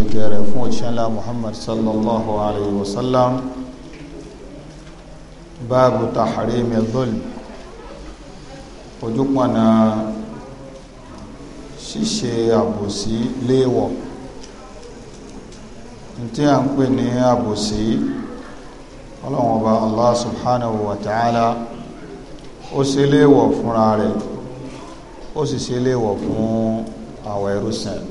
ìgẹ̀rẹ̀ fún òṣìṣẹ́lá muhammad sallallahu alayhi wa sallam báàbù tahrimi dhulm ojúpọ̀nà ṣíṣe àbòsí léèwọ̀ tí a ń pè ní àbòsí ọlọ́wọ́n bá allah subhanahu wa ta'ala ó ṣe léèwọ̀ fúnra rẹ̀ ó sì ṣe léèwọ̀ fún àwọn ẹrúsìn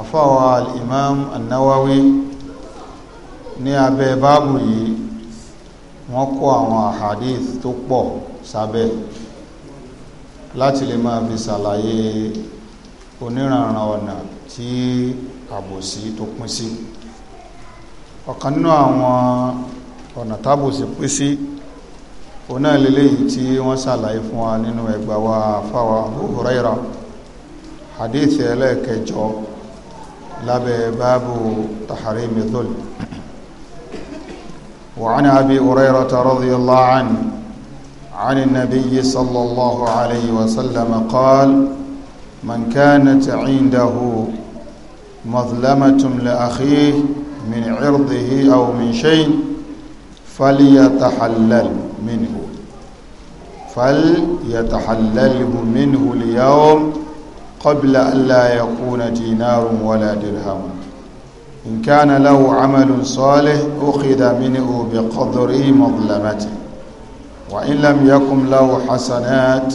àfọwọ́ al-imam an-nawawi ní abẹ́ báàbù yìí wọ́n kó àwọn ahadith tó pọ̀ sábẹ́ láti lè máa fi ṣàlàyé oníranran ọ̀nà tí àbòsí tó pín sí ọ̀kan nínú àwọn ọ̀nà tábòsí pín sí ọ̀nà lélẹ́yìí tí wọ́n ṣàlàyé fún wa nínú ẹgbàá wa fáwa hadith ẹlẹ́ẹ̀kẹjọ lábẹ́ báàbù تحريم الذل وعن أبي هريرة رضي الله عنه عن النبي صلى الله عليه وسلم قال من كانت عنده مظلمة لأخيه من عرضه أو من شيء فليتحلل منه فليتحلله منه اليوم قبل أن لا يكون دينار ولا درهم إن كان له عمل صالح أخذ منه بقدر مظلمته وإن لم يكن له حسنات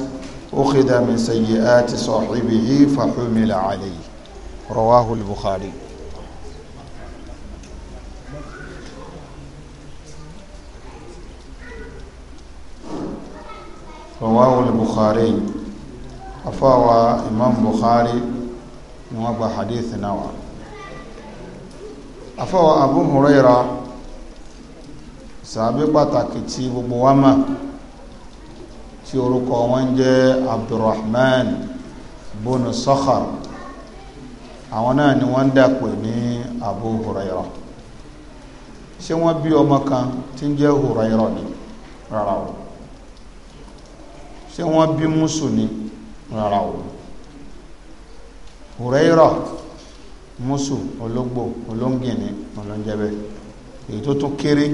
أخذ من سيئات صاحبه فحمل عليه رواه البخاري رواه البخاري afọwà imam bukhari ni wọ́n gba hadithi náà wá afọwà abu huraira sàbí pàtàkì tí gbogbo wa mọ̀ tí orúkọ wọn jẹ́ abdulrahman bonu sakhar àwọn náà ni wọ́n dàpẹ̀ ní abu huraira ṣé wọ́n bí ọmọ kan tí ń jẹ́ huraira ni rárá o ṣé wọ́n bí musu ni rárá o hùrẹ́rọ̀ mùsù ológbò olóńgìní olóńjẹ́bẹ̀ èyí tó tún kéré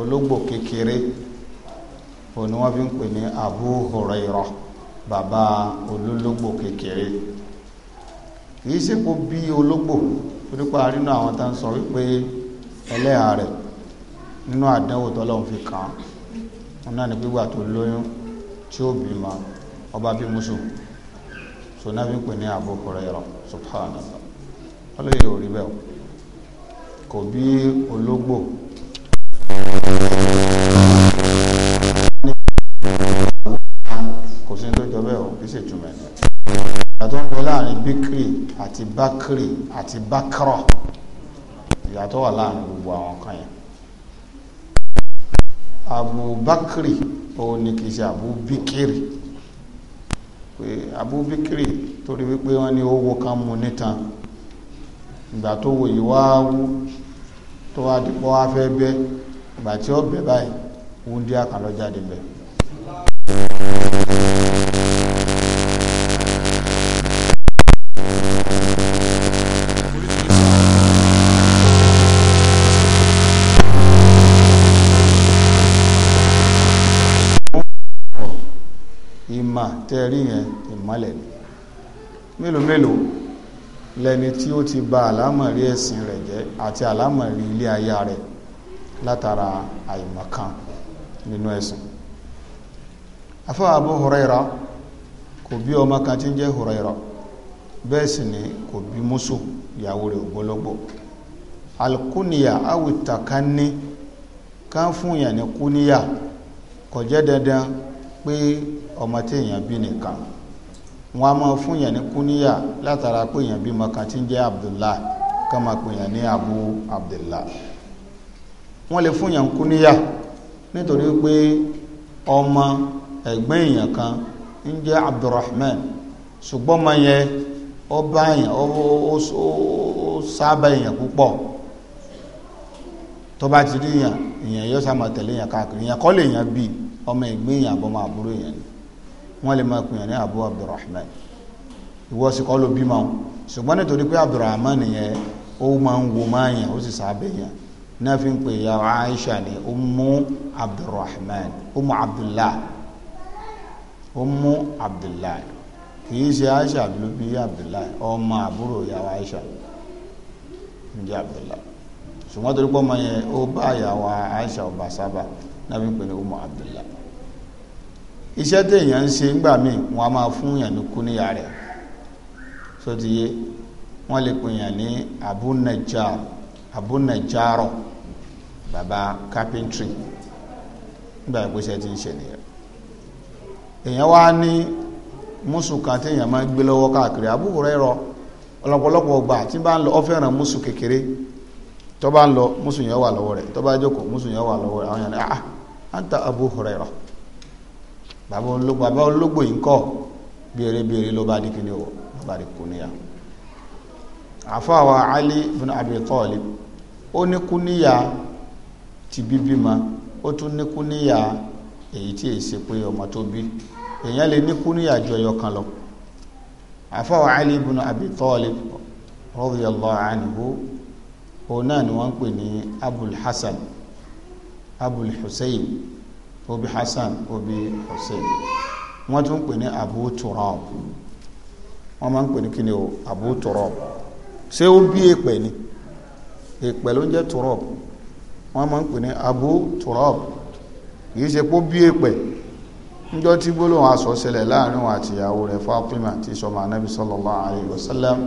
ológbò kékeré o ni wọ́n fi ń pè ní Abu Hurairah bàbá olólógbò kékeré kìí ṣe kó bí ológbò nípa nínú àwọn tá ń sọ wípé ẹlẹ́hà rẹ̀ nínú àdánwò tọ́lọ́run fi kàn án wọn náà ní gbígbà tó lóyún tí ó bímọ ọba bí musu sọ̀nà bí pè ní Abu Subhana subhanallah ọlọ́yẹ̀ ò rí bẹ́ẹ̀ o kò bí ológbò kò sí tó jọ bẹ́ẹ̀ o kì í ṣe jùmọ̀ ẹ̀ ìyàtọ̀ ń bẹ láàrin bíkìrì àti bákìrì àti bákìrọ̀ ìyàtọ̀ wà láàrin gbogbo àwọn kan yẹn Abu Bakri òun ni kì í ṣe Abu Bikiri pé abubakar torí wípé wọ́n ní owó kan mú nítan ìgbà tó wò yìí wá wú tó wá dìpọ́ wá fẹ́ bẹ́ ìgbà tí ó bẹ̀ báyìí wúndíà kan lọ jáde tẹ́ yẹn ìmọ́lẹ̀ ni mélòó mélòó lẹni tí ó ti ba àlámọ̀rí ẹ̀sìn rẹ̀ jẹ́ àti àlámọ̀rí ilé ayá rẹ̀ látara àìmọ̀kan nínú ẹ̀sìn Afọ Abu Huraira kò bí ọmọ kan tí ń jẹ́ Huraira bẹ́ẹ̀ sì ni kò bí mùsù ìyàwó rẹ̀ ògbólógbò alkúnìyà awìtàkánní ká fún yàn ní kúníyà ọmọ tí èèyàn bí nìkan wọn a máa fún yẹn ní kúníyà látara pé èèyàn bímọ kan ti ń jẹ́ abdullah ká máa pè yẹn ní abu abdullah wọn lè fún yẹn kúníyà nítorí pé ọmọ ẹ̀gbọ́n èèyàn kan ń jẹ́ abdulrahman ṣùgbọ́n ọmọ yẹn ó bá èèyàn ó sábà èèyàn tó bá ti rí èèyàn yóò káàkiri kọ́ lè bí ọmọ èèyàn àbọ̀mọ àbúrò ni wọ́n lè máa pèèyàn ní abu abdulrahman ìwọ sì kọ́ ló bímọ ṣùgbọ́n nítorí pé abdulrahman yẹn ó máa ń wo máa yàn ó sì sábẹ́ yàn náà fi ń pè ya aisha ní umu abdulrahman umu abdullah umu abdullah kìí ṣe aisha ló bí abdullah ọmọ àbúrò ya aisha ń jẹ́ abdullah ṣùgbọ́n torí pé ọmọ yẹn ó bá ìyàwó aisha ọba sábà náà fi ń pè ní umu abdullah iṣẹ́ téèyàn ń ṣe ńgbà míì wọ́n a máa fún yàn ní so ti yé wọ́n lè pè yàn ní abu baba carpentry nígbà pé iṣẹ́ ti ń ṣe nìyẹn èèyàn wá ní mùsù kan téèyàn máa ń gbé lọ́wọ́ káàkiri rẹ̀ rọ ọgbà tí bá ń lọ ah anta Abu bàbá ológbò bàbá ológbò yìí ń kọ́ bèrè bèrè ló bá di kíni o ló bá di kúníyà àfọwọ́ Ali bin Abi Talib ó ní kúníyà ti bíbí ma ó tún ní kúníyà èyí tí èsì pé ọmọ tó bí èèyàn lè ní kúníyà ju ẹyọ kan lọ àfọwọ́ Ali bin Abi Talib radiyallahu anhu òun náà ni wọ́n ń pè ní Abul Hasan Abul Hussein obi Hasan obi Hussein wọn tún pè ní Abu Turab wọn máa ń pè ní kíni o Abu Turab ṣé ó bí èpè ni èpè ló ń Turab wọn máa ń pè ní Abu Turab kìí ṣe pé ó bí èpè níjọ́ tí gbólóhùn aṣọ ṣẹlẹ̀ láàrin òun àti ìyàwó rẹ̀ Fatima tí ma anábì sallallahu alayhi wa sallam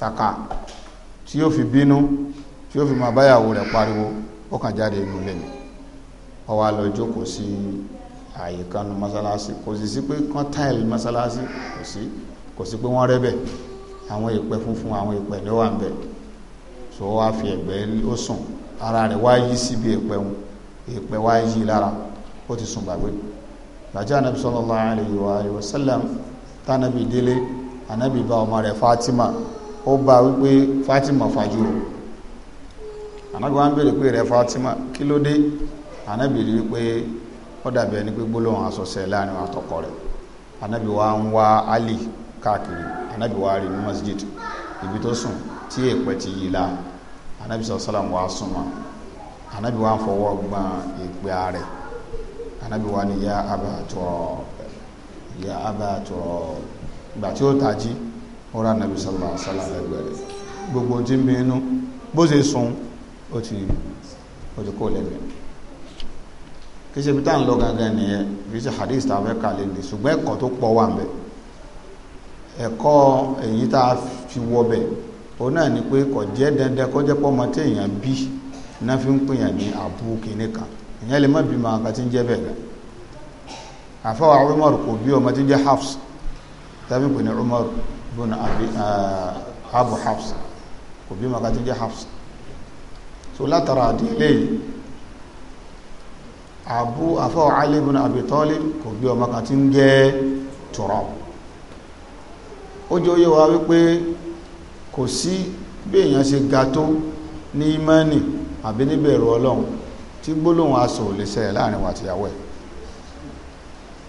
kàkà tí yóò ó wá lọ jókòó sí ààyè masalasi nu mọ́sálásí kò sì sí pé kán táìlì mọ́sálásí kò sí kò sí pé wọ́n rẹ́bẹ̀ àwọn ìpẹ́ funfun àwọn ìpẹ́ ló wà ń bẹ̀ so ó wá fi ẹ̀gbẹ́ ó sùn ara rẹ̀ wá yí síbi ìpẹ́ wọn ìpẹ́ wá yí lára ó ti sùn gbàgbé gbàjá anabi sallallahu alayhi wa alihi wa sallam tánàbì délé anabi bá ọmọ rẹ̀ Fatima ó bá wípé Fatima fàjúrò anabi wa ń béèrè pé rẹ̀ Fatima kí ló dé anabi rí wípé ó dàbí ẹni pé gbólóhùn asọ̀sẹ̀ láàrin àtọkọ rẹ̀ anabi wa ń wá ali káàkiri anabi wa rí ní masjid ibi tó sùn tí èèpẹ̀ ti yí la anabi sọ sálàmù wa súnmọ́ anabi wa ń fọwọ́ gbọ́n èèpẹ̀ ààrẹ anabi wa ni ya aba ya aba turọ ìgbà tí ó tají ó rà anabi sọlá sọlá lẹ́gbẹ̀ẹ́ gbogbo tí ń bínú bó ṣe sùn ó ti ó ti kó lẹ́gbẹ̀ẹ́ kí ṣe bí táà ń lọ gangan nìyẹn kì í ṣe hadith tá a fẹ́ kà lé ní ṣùgbọ́n ẹ̀kọ́ tó pọ̀ wà ń bẹ̀ ẹ̀kọ́ èyí tá a fi wọ bẹ̀ òun náà ni pé kò jẹ́ dandan kó jẹ́ pọ́ ọmọ tí èèyàn bí náà fi ń pèèyàn ní àbú kìíní kan ìyẹn lè má bí ma nǹkan tí ń jẹ́ bẹ́ẹ̀ gan àfọwọ́ Umar kò bí ọmọ tí ń jẹ́ Hafs tàbí pè ní Umar bùn eh, Abu Hafs kò bí ma nǹkan tí ń jẹ́ Hafs so látara àdílé yìí Abu àfọ́ Ali abitoli Abi Talib kò gbé ọmọ kan tí ń jẹ́ Turab ó jẹ́ oyé wa wípé kò sí bí èèyàn ṣe ga tó ní imani àbí níbẹ̀rù ọlọ́run tí gbólóhùn aṣọ ò lè ṣẹlẹ̀ láàrin wa àtìyàwó ẹ̀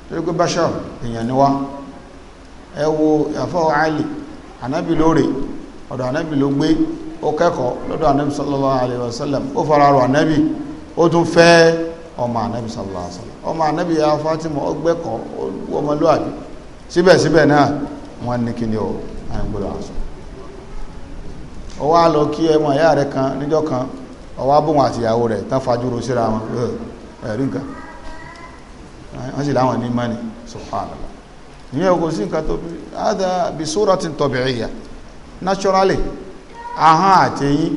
torí pé bashar èèyàn ni wá ẹ wo àfọ́ Ali anábì lóore ọ̀dọ̀ anábì ló gbé ó kẹ́kọ̀ọ́ lọ́dọ̀ anábì sallallahu alaihi wasallam ó fara rọ anábì ó tún fẹ́ẹ́ ọmọ anabi sallallahu alaihi ọmọ anabi ya fatima ọgbẹ́kọ̀ ọmọlúwàbí síbẹ̀síbẹ̀ náà wọ́n ní o àyàngbọ́dọ̀ àṣọ ó wá lọ kí ẹmọ ìyá rẹ̀ kan níjọ́ kan ó wá àtìyàwó rẹ̀ tán fajúro síra wọn ẹ̀rí nǹkan wọ́n sì láwọn ní mọ́ni subhanallah ìyẹn kò sí nǹkan tó bí bí tọbi naturally ahọ́n àtẹ̀yìn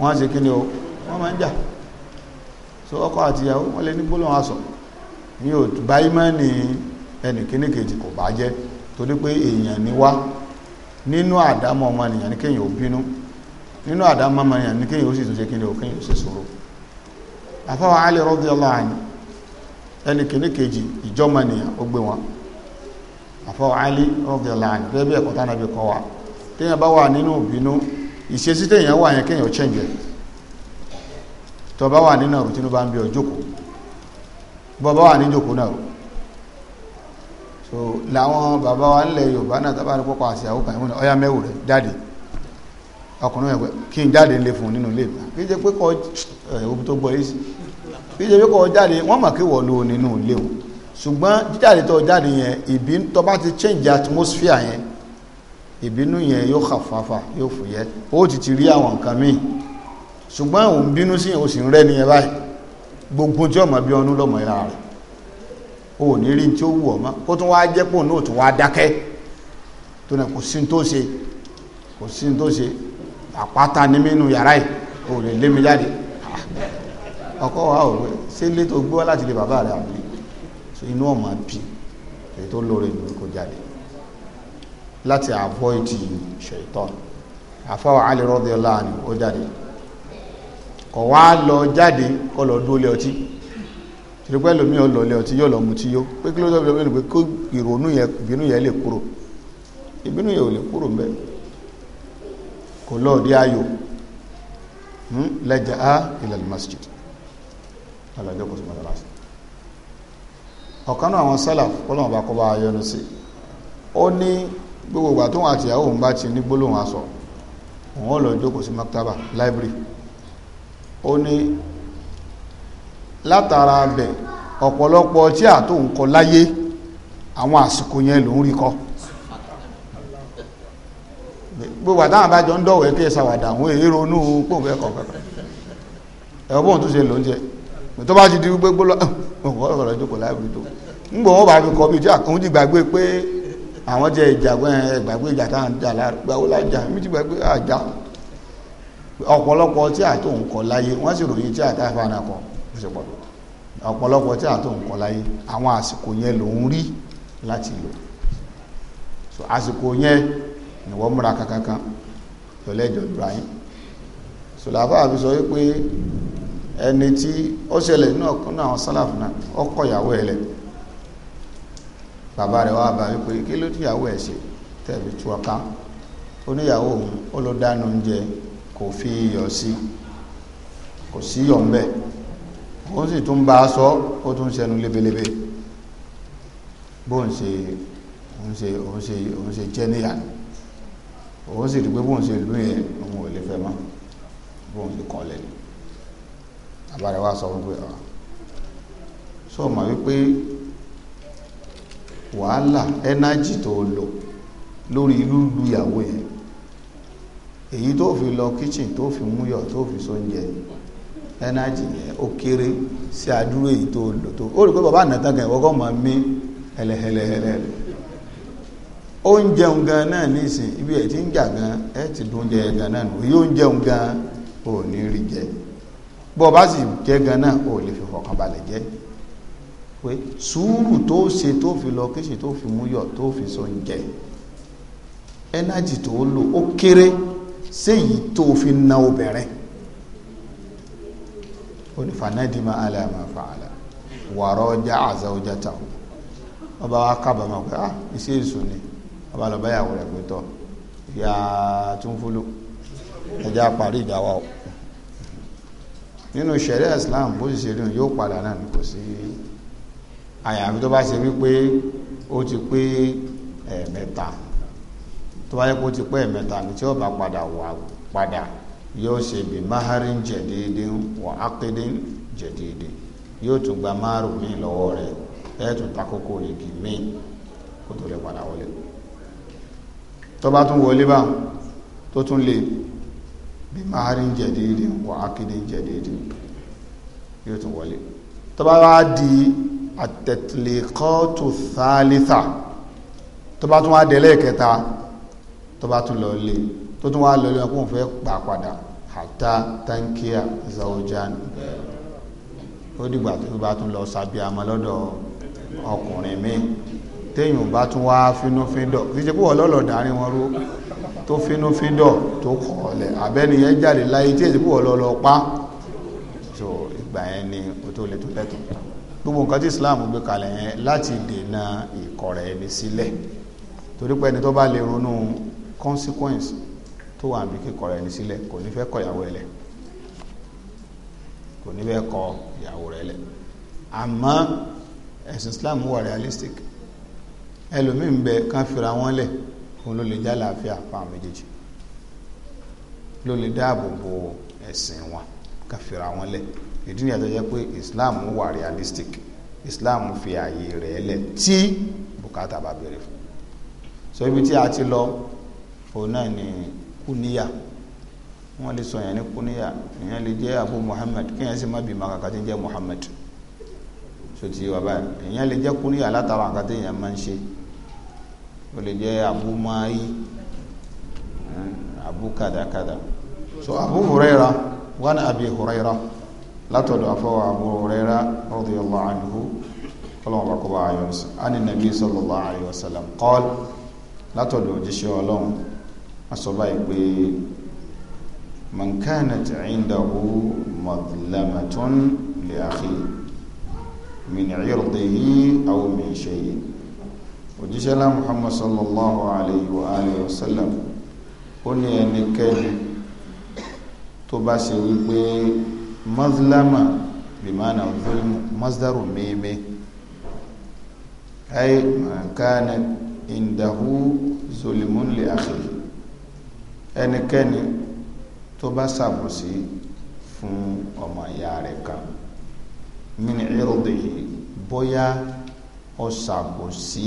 wọ́n wọ́n máa ń jà so ọkọ àti wọ́n lè ní gbólóhùn asọ̀ ní ò bá ìmánì ẹnì kíní kejì kò bá jẹ́ torí pé èèyàn ni wá nínú àdámọ́ ní kéèyàn ò bínú nínú àdámọ́ ní kéèyàn ó sì tún ṣe kíni ò ó sì sọ̀rọ̀ alẹ́ ẹnì kíní kejì ó gbé wọn alẹ́ bí ẹ̀kọ́ tánàbí wa téèyàn bá wà tó bá wà nínú ọ̀rùn tínú bá ń bí ọjọ́kù bọ́ bá wà ní jòkó náà so làwọn bàbá wa ńlẹ̀ Yorùbá náà tó bá ní pọ́pọ́ àti àwọn kan ìwọ̀n ọya mẹ́wù rẹ̀ jáde ọkùnrin ẹ̀wẹ̀ kí n jáde ńlẹ̀ fún nínú ilé ìgbà kí jẹ́ pé kọ́ ẹ̀wọ̀n tó gbọ́ yìí sí kí jẹ́ pé kọ́ jáde wọ́n mọ̀ kí wọ́n lo nínú ilé ṣùgbọ́n jíjáde tó jáde yẹn ìbí tó bá ti change atmosphere yẹn ìbínú yẹn yóò hàfàfà yóò fòyẹ́ ó ti ti rí àwọn nǹkan míì ṣùgbọ́n òun bínú sí òun sì ń rẹ́ ni ẹ báyìí gbogbo tí ọmọ bí ọdún lọmọ ìlà rẹ̀ o ò ní rí tí ó wù ọ ó tún wá jẹ́ pò náà tún wá dákẹ́ tó ní kò sí tó ṣe kò sí tó ṣe àpáta ní mínú yàrá yìí o ò lè lé mi jáde ọkọ wa ò wẹ ṣé ilé tó gbọ́ láti lè bàbá rẹ̀ àbí inú ọmọ bí èyí tó lóore ìlú kò jáde láti avoid ṣètọ́ àfọwọ́ alẹ́ rọ́dí ni ó jáde kọ̀ wá lọ jáde kọ́ lọ dúró lé ọtí torí pé ẹlòmíì ọlọ lé ọtí yóò lọ mutí yó pé kí ló dọ́ bí pé kó ìrònú yẹn ìbínú yẹn lè kúrò ìbínú yẹn ò lè kúrò mbẹ kò lọ́ọ̀dí ayò hmm? lẹ́jà á ilal masjid alájọ́ kò sí mọ́sálásí ọ̀kan náà àwọn sálàf kọ́lọ́mù bá kọ́ bá yọnu sí ó ní gbogbo ìgbà tóun àtìyàwó òun bá ti ní gbólóhùn aṣọ òun ó lọ jókòó sí maktaba library ó ní látara bẹ̀ ọ̀pọ̀lọpọ̀ tí à tó ń kọ láyé àwọn àsìkò yẹn ló ń rí kọ gbogbo àtàwọn àbájọ ń dọ̀wọ̀ ẹ̀kẹ́ ìsàwàdà àwọn èyí ronú pòǹfẹ́ kọ̀ọ̀kọ̀ọ̀ ẹ̀wọ̀n bóun tó ṣe ló ń jẹ tó bá ti di gbogbo lọ ọ̀rọ̀ ìjókòó láìpẹ́ tó ń bọ̀ wọ́n bá fi kọ́ bí tí àkóhun ti gbàgbé pé àwọn jẹ ìjà gbàgbé ìjà táwọn jà láàrú gbàgbó lájà mi ti gbàgbé àjà ọ̀pọ̀lọpọ̀ tí àtò ń kọ láyé wọ́n sì ròyìn tí àtà ìfànà kọ ọ̀pọ̀lọpọ̀ tí àtò ń kọ láyé àwọn àsìkò yẹn ló ń rí láti lò àsìkò yẹn ni múra kankankan lọ́lẹ́jọ́ Ibrahim sọ wípé ẹni tí ó ṣẹlẹ̀ ọkọ ìyàwó bàbá bá wípé kí ló ti ìyàwó ṣe tú oníyàwó òun ó kò fi iyọ̀ sí kò sí iyọ̀ ńbẹ̀ ó sì tún bá a sọ ó tún ṣẹnu lebelebe bó ń ṣe òun ṣe òun ṣe òun ṣe jẹ́ níyà òun sì rí pé bóun ṣe lú yẹn òun ò lè fẹ́ mọ́ bóun ṣe kọ́ lẹ́nu àbára wa sọ fún pé ọ̀ sọ ma wípé wàhálà ẹnájì tó lò lórí lúlu ìyàwó yẹn èyí tó fi lọ kitchen tó fi yọ tó fi sóúnjẹ ẹnájì yẹn ó kéré sí àdúró èyí tó lò tó ó rí pé bàbá ànàtàn kan ìwọ́kọ́ mọ̀ mí ẹlẹ́hẹlẹ́hẹlẹ́ oúnjẹun gan náà nísìn ibi ẹ̀ tí ń jà gan ti dún gan náà nù yóò gan ò ní rí jẹ bọ́ sì jẹ gan náà ò lè fi fọkàn balẹ̀ jẹ pé sùúrù tó ṣe fi lọ kéṣe tó fi yọ tó fi sóúnjẹ ẹnájì tó lò ó kéré séyìí tó fi na obìnrin ó ní fanadima alama fàlà wàrọ ọjà àzàwọjà tàwọn ọba wa kábàámọ̀ pé ah iṣẹ èso ni ọba lọ bá yàwó rẹ pé tọ ìyá túnfúlù ẹjẹ àparí ìjà wa o nínú ṣẹ̀ríà Islam bó ṣe rí yóò padà náà kò sí àyàfi tó bá ṣe wípé ó ti pé ẹ̀ẹ̀mẹ́ta. Eh, tó kó ti pẹ́ ẹ̀mẹ́ta ní tí ọba padà wà padà yóò ṣe bí maharin jẹ̀dídín wà yóò tún gba márùn míì lọ́wọ́ rẹ̀ ẹ̀ tún igi mee kó tó lè padà wọlé tó tún wọlé tó tún lè bí maharin jẹ̀dídín wà yóò tún wọlé bá di tó bá tún lọ lé tó tún wá lọ lé wọn kó fẹ́ pa padà àtà tankia zaojan ó dìgbà tó bá tún lọ sàbí àmọ́ lọ́dọ̀ ọkùnrin mi téèyàn bá tún wá fínúfíndọ̀ kì í ṣe púpọ̀ lọ́lọ́ dárin wọn ró tó fínúfíndọ̀ tó kọ̀ọ̀lẹ̀ àbẹ́niyẹn jáde láyé tí èsì púpọ̀ lọ́lọ́ pa so ìgbà yẹn ni o tó le tó lẹ́tọ̀ọ́ gbogbo nǹkan tí Islam gbé kalẹ̀ yẹn láti dènà ìkọ̀rẹ̀ ẹni sílẹ̀ torí pé ẹni tó bá lè ronú consequence tó wà bí kíkọ̀rọ̀ ẹni sílẹ̀ kò ní fẹ́ kọ ìyàwó rẹ̀ lẹ̀ kò ní fẹ́ kọ ìyàwó rẹ̀ lẹ̀ àmọ́ ẹ̀sìn Islam wà realistic ẹlòmíín bẹ kán fira wọn lẹ̀ òun ló lè já làáfíà fáwọn méjèèjì ló lè dáàbò bo ẹ̀sìn wọn kán fira wọn lẹ̀ ìdí nìyà tó jẹ́ pé Islam wà realistic Islam fi ààyè rẹ̀ lẹ̀ tí bùkátà bá béèrè fún so ibi tí a ti lọ òun náà ní kúníyà wọ́n lè sọ yẹn ní kúníyà èèyàn lè jẹ́ abu muhammad kéèyàn sì má bímọ kàkà tí ń jẹ́ muhammad sotí wà báyìí èèyàn lè jẹ́ kúníyà látara kàkà tí èèyàn máa ń ṣe ó lè jẹ́ abu maayi abu kàdàkàdà so abu huraira wọn abi huraira látọ̀dọ̀ afọwọ́ abu huraira radiyallahu anhu kọlọ́wọ́n bá kọ́ bá ayọ̀ sọ ánì nàbí sallallahu alayhi wa sallam qala látọ̀dọ̀ òjíṣẹ́ ọlọ́run wọ́n sọ báyìí pé man kanat indahu madlamatun li akhi min irdihi aw min shay'i òjíṣẹ́lá muhammad sallallahu alayhi wa alihi wa sallam ó ní ẹnikẹ́ni tó bá ṣe wípé mazlama bimana zulmu mazdaru meme ay man kanat indahu zulmun li ẹnikẹni tó bá ṣàbòsí fún ọmọ ìyá rẹ kan mini irudi yìí bóyá ó ṣàbòsí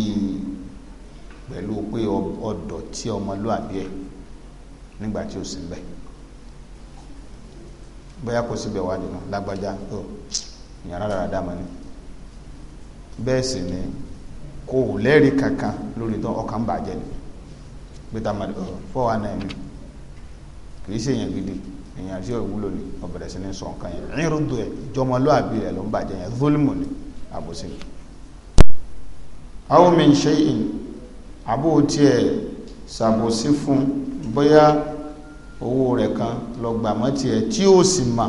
pẹ̀lú pé ọ̀dọ̀ tí ọmọlúwàbí ẹ̀ nígbà tí ó sì bẹ bóyá kò síbẹ̀ wá nínú lágbájá ó ìyàn rárá dáma ni sì ni kò lẹ́rìí kankan lórí tán ọkàn ni gbé tá a máa fọ́ náà ni. kì í ṣe èèyàn gidi èèyàn tí yóò wúlò ní ọbẹ̀rẹ̀ sí ní sọ nǹkan yẹn ní ẹ̀ ìjọmọlúàbí rẹ̀ ló ń bàjẹ́ yẹn zolimu ni àbòsí ni. àwọn mi ń ṣe ìn àbó tiẹ̀ ṣàbòsí fún bóyá owó rẹ̀ kan lọ gbà mọ́ tiẹ̀ tí ó sì mà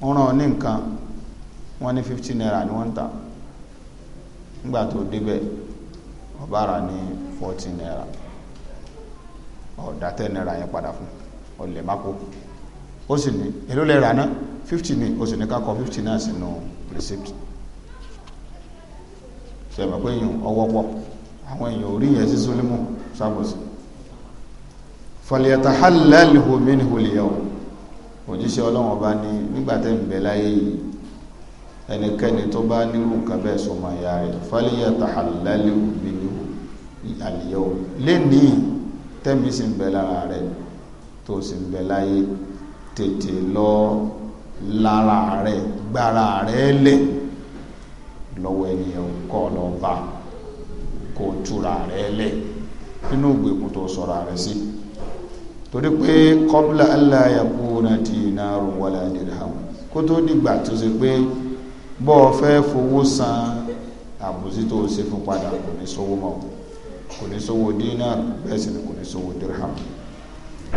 ń ràn ní nǹkan wọ́n ní fifty naira ni wọ́n ń ta nígbà tó débẹ̀ ọ̀bára ní fourteen naira ọ̀dà tẹ́ náírà yẹn padà fún ọ̀lẹ̀ máko ó sì ní èló lẹ́ rà ná fifty ní ó sì ní ká kọ fifty náà sínú receipt sẹ̀mọ̀ pé èèyàn ọwọ́ pọ̀ àwọn èèyàn ò rí yẹn sí sulimu sábòsí fọlẹ́ta halal homini holiyah òjíṣẹ́ ọlọ́run ọba ní nígbàtẹ́ ń bẹ láyé yìí ẹnikẹ́ni tó bá nírú nǹkan bẹ́ẹ̀ sọmọ ìyá rẹ̀ fọlẹ́ta halal homini holiyah lẹ́nìí tẹ́mi sì ń bẹ lára rẹ tó sì ń bẹ láyé tètè lọ lára rẹ gbára rẹ lẹ̀ lọ́wọ́ ènìyàn kọ́ lọ bá kó túra rẹ lẹ̀ nínú ìgbèkùn tó sọ̀rọ̀ rẹ sí torí pé kọ́bílà aláyàkúnà ti náàrù wọlé àdìrìhàmù kó tó dìgbà tó ṣe pé bọ́ọ̀ fẹ́ fowó san àbòsí tó ṣe fún padà kò ní sówó mọ́ kò ní sówó dinar bẹ́ẹ̀ sì ni kò ní sówó dirham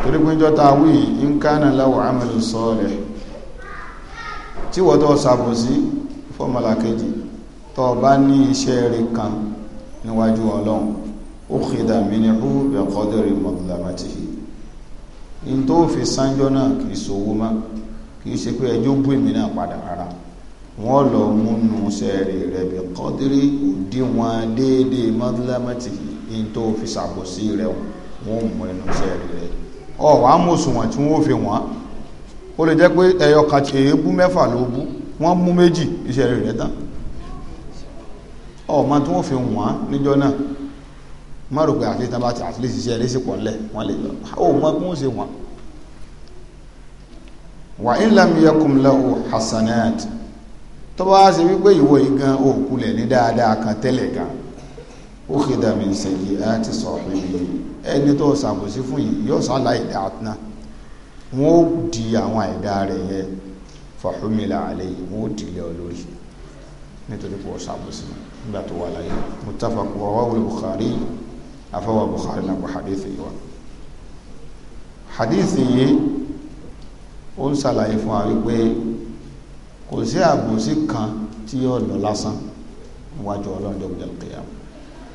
torí pé jọta wí in kánà láwọ̀ amẹ́lì sọ́ọ̀lẹ̀ tí wọ́n tó sàbò sí fọ́mọlà kejì tó bá ní iṣẹ́ rẹ̀ kan níwájú ọlọ́run ó kìdà mí ní hù bẹ̀kọ́dẹ̀rẹ̀ mọ̀tòlámàtì in tó fi sánjọ́ náà kì í sówó má kì í ṣe pé ẹjọ́ bú èmi náà padà rárá wọ́n lọ múnú sẹ́ẹ̀rì rẹ̀ bẹ̀kọ́dẹ̀rẹ̀ òdiwọ̀n déédéé mọ̀tòlámàtì yìí in tó fi ṣàbòsí rẹ̀ wọ́n mú ẹnu iṣẹ́ rẹ̀ ọ̀ wá mú òṣùwọ̀n tí wọ́n fi wọ́n ó lè jẹ́ pé ẹyọ kan ti èébú mẹ́fà ló bú wọ́n mú méjì iṣẹ́ rẹ̀ tán ọ̀ máa tí wọ́n fi wọ́n níjọ́ náà má rò pé àtìlẹ́sì náà bá ti àtìlẹ́sì iṣẹ́ rẹ̀ sì pọ̀ ńlẹ̀ wọ́n lè lọ ó mọ kí wọ́n ṣe wọ́n wà ń lam yẹkùn lẹ́wọ̀ hasanat tó bá ṣe wípé ìwọ yìí gan òkulẹ̀ ní dáadáa kan tẹ́lẹ̀ gan ó kì í dàmí ìsẹ̀yí ẹ ti sọ̀rọ̀ ibi ẹni tó ṣàbòsí fún yìí yóò sálà ìdá àtúná wọn ó di àwọn àìdá rẹ̀ yẹ fàhùmìlà àlẹ́ yìí wọn ó dìlẹ̀ olórí nítorí pé ó ṣàbòsí nígbà tó wà láyé mutafaq wa wawul afọwọ́ Bukhari náà kò hadithi yìí wa hadithi yìí ó ń ṣàlàyé fún wa wípé kò sí àbòsí kan tí yóò lọ lásán níwájú ọlọ́run jọ́gbẹ́dẹ́gbẹ́yàwó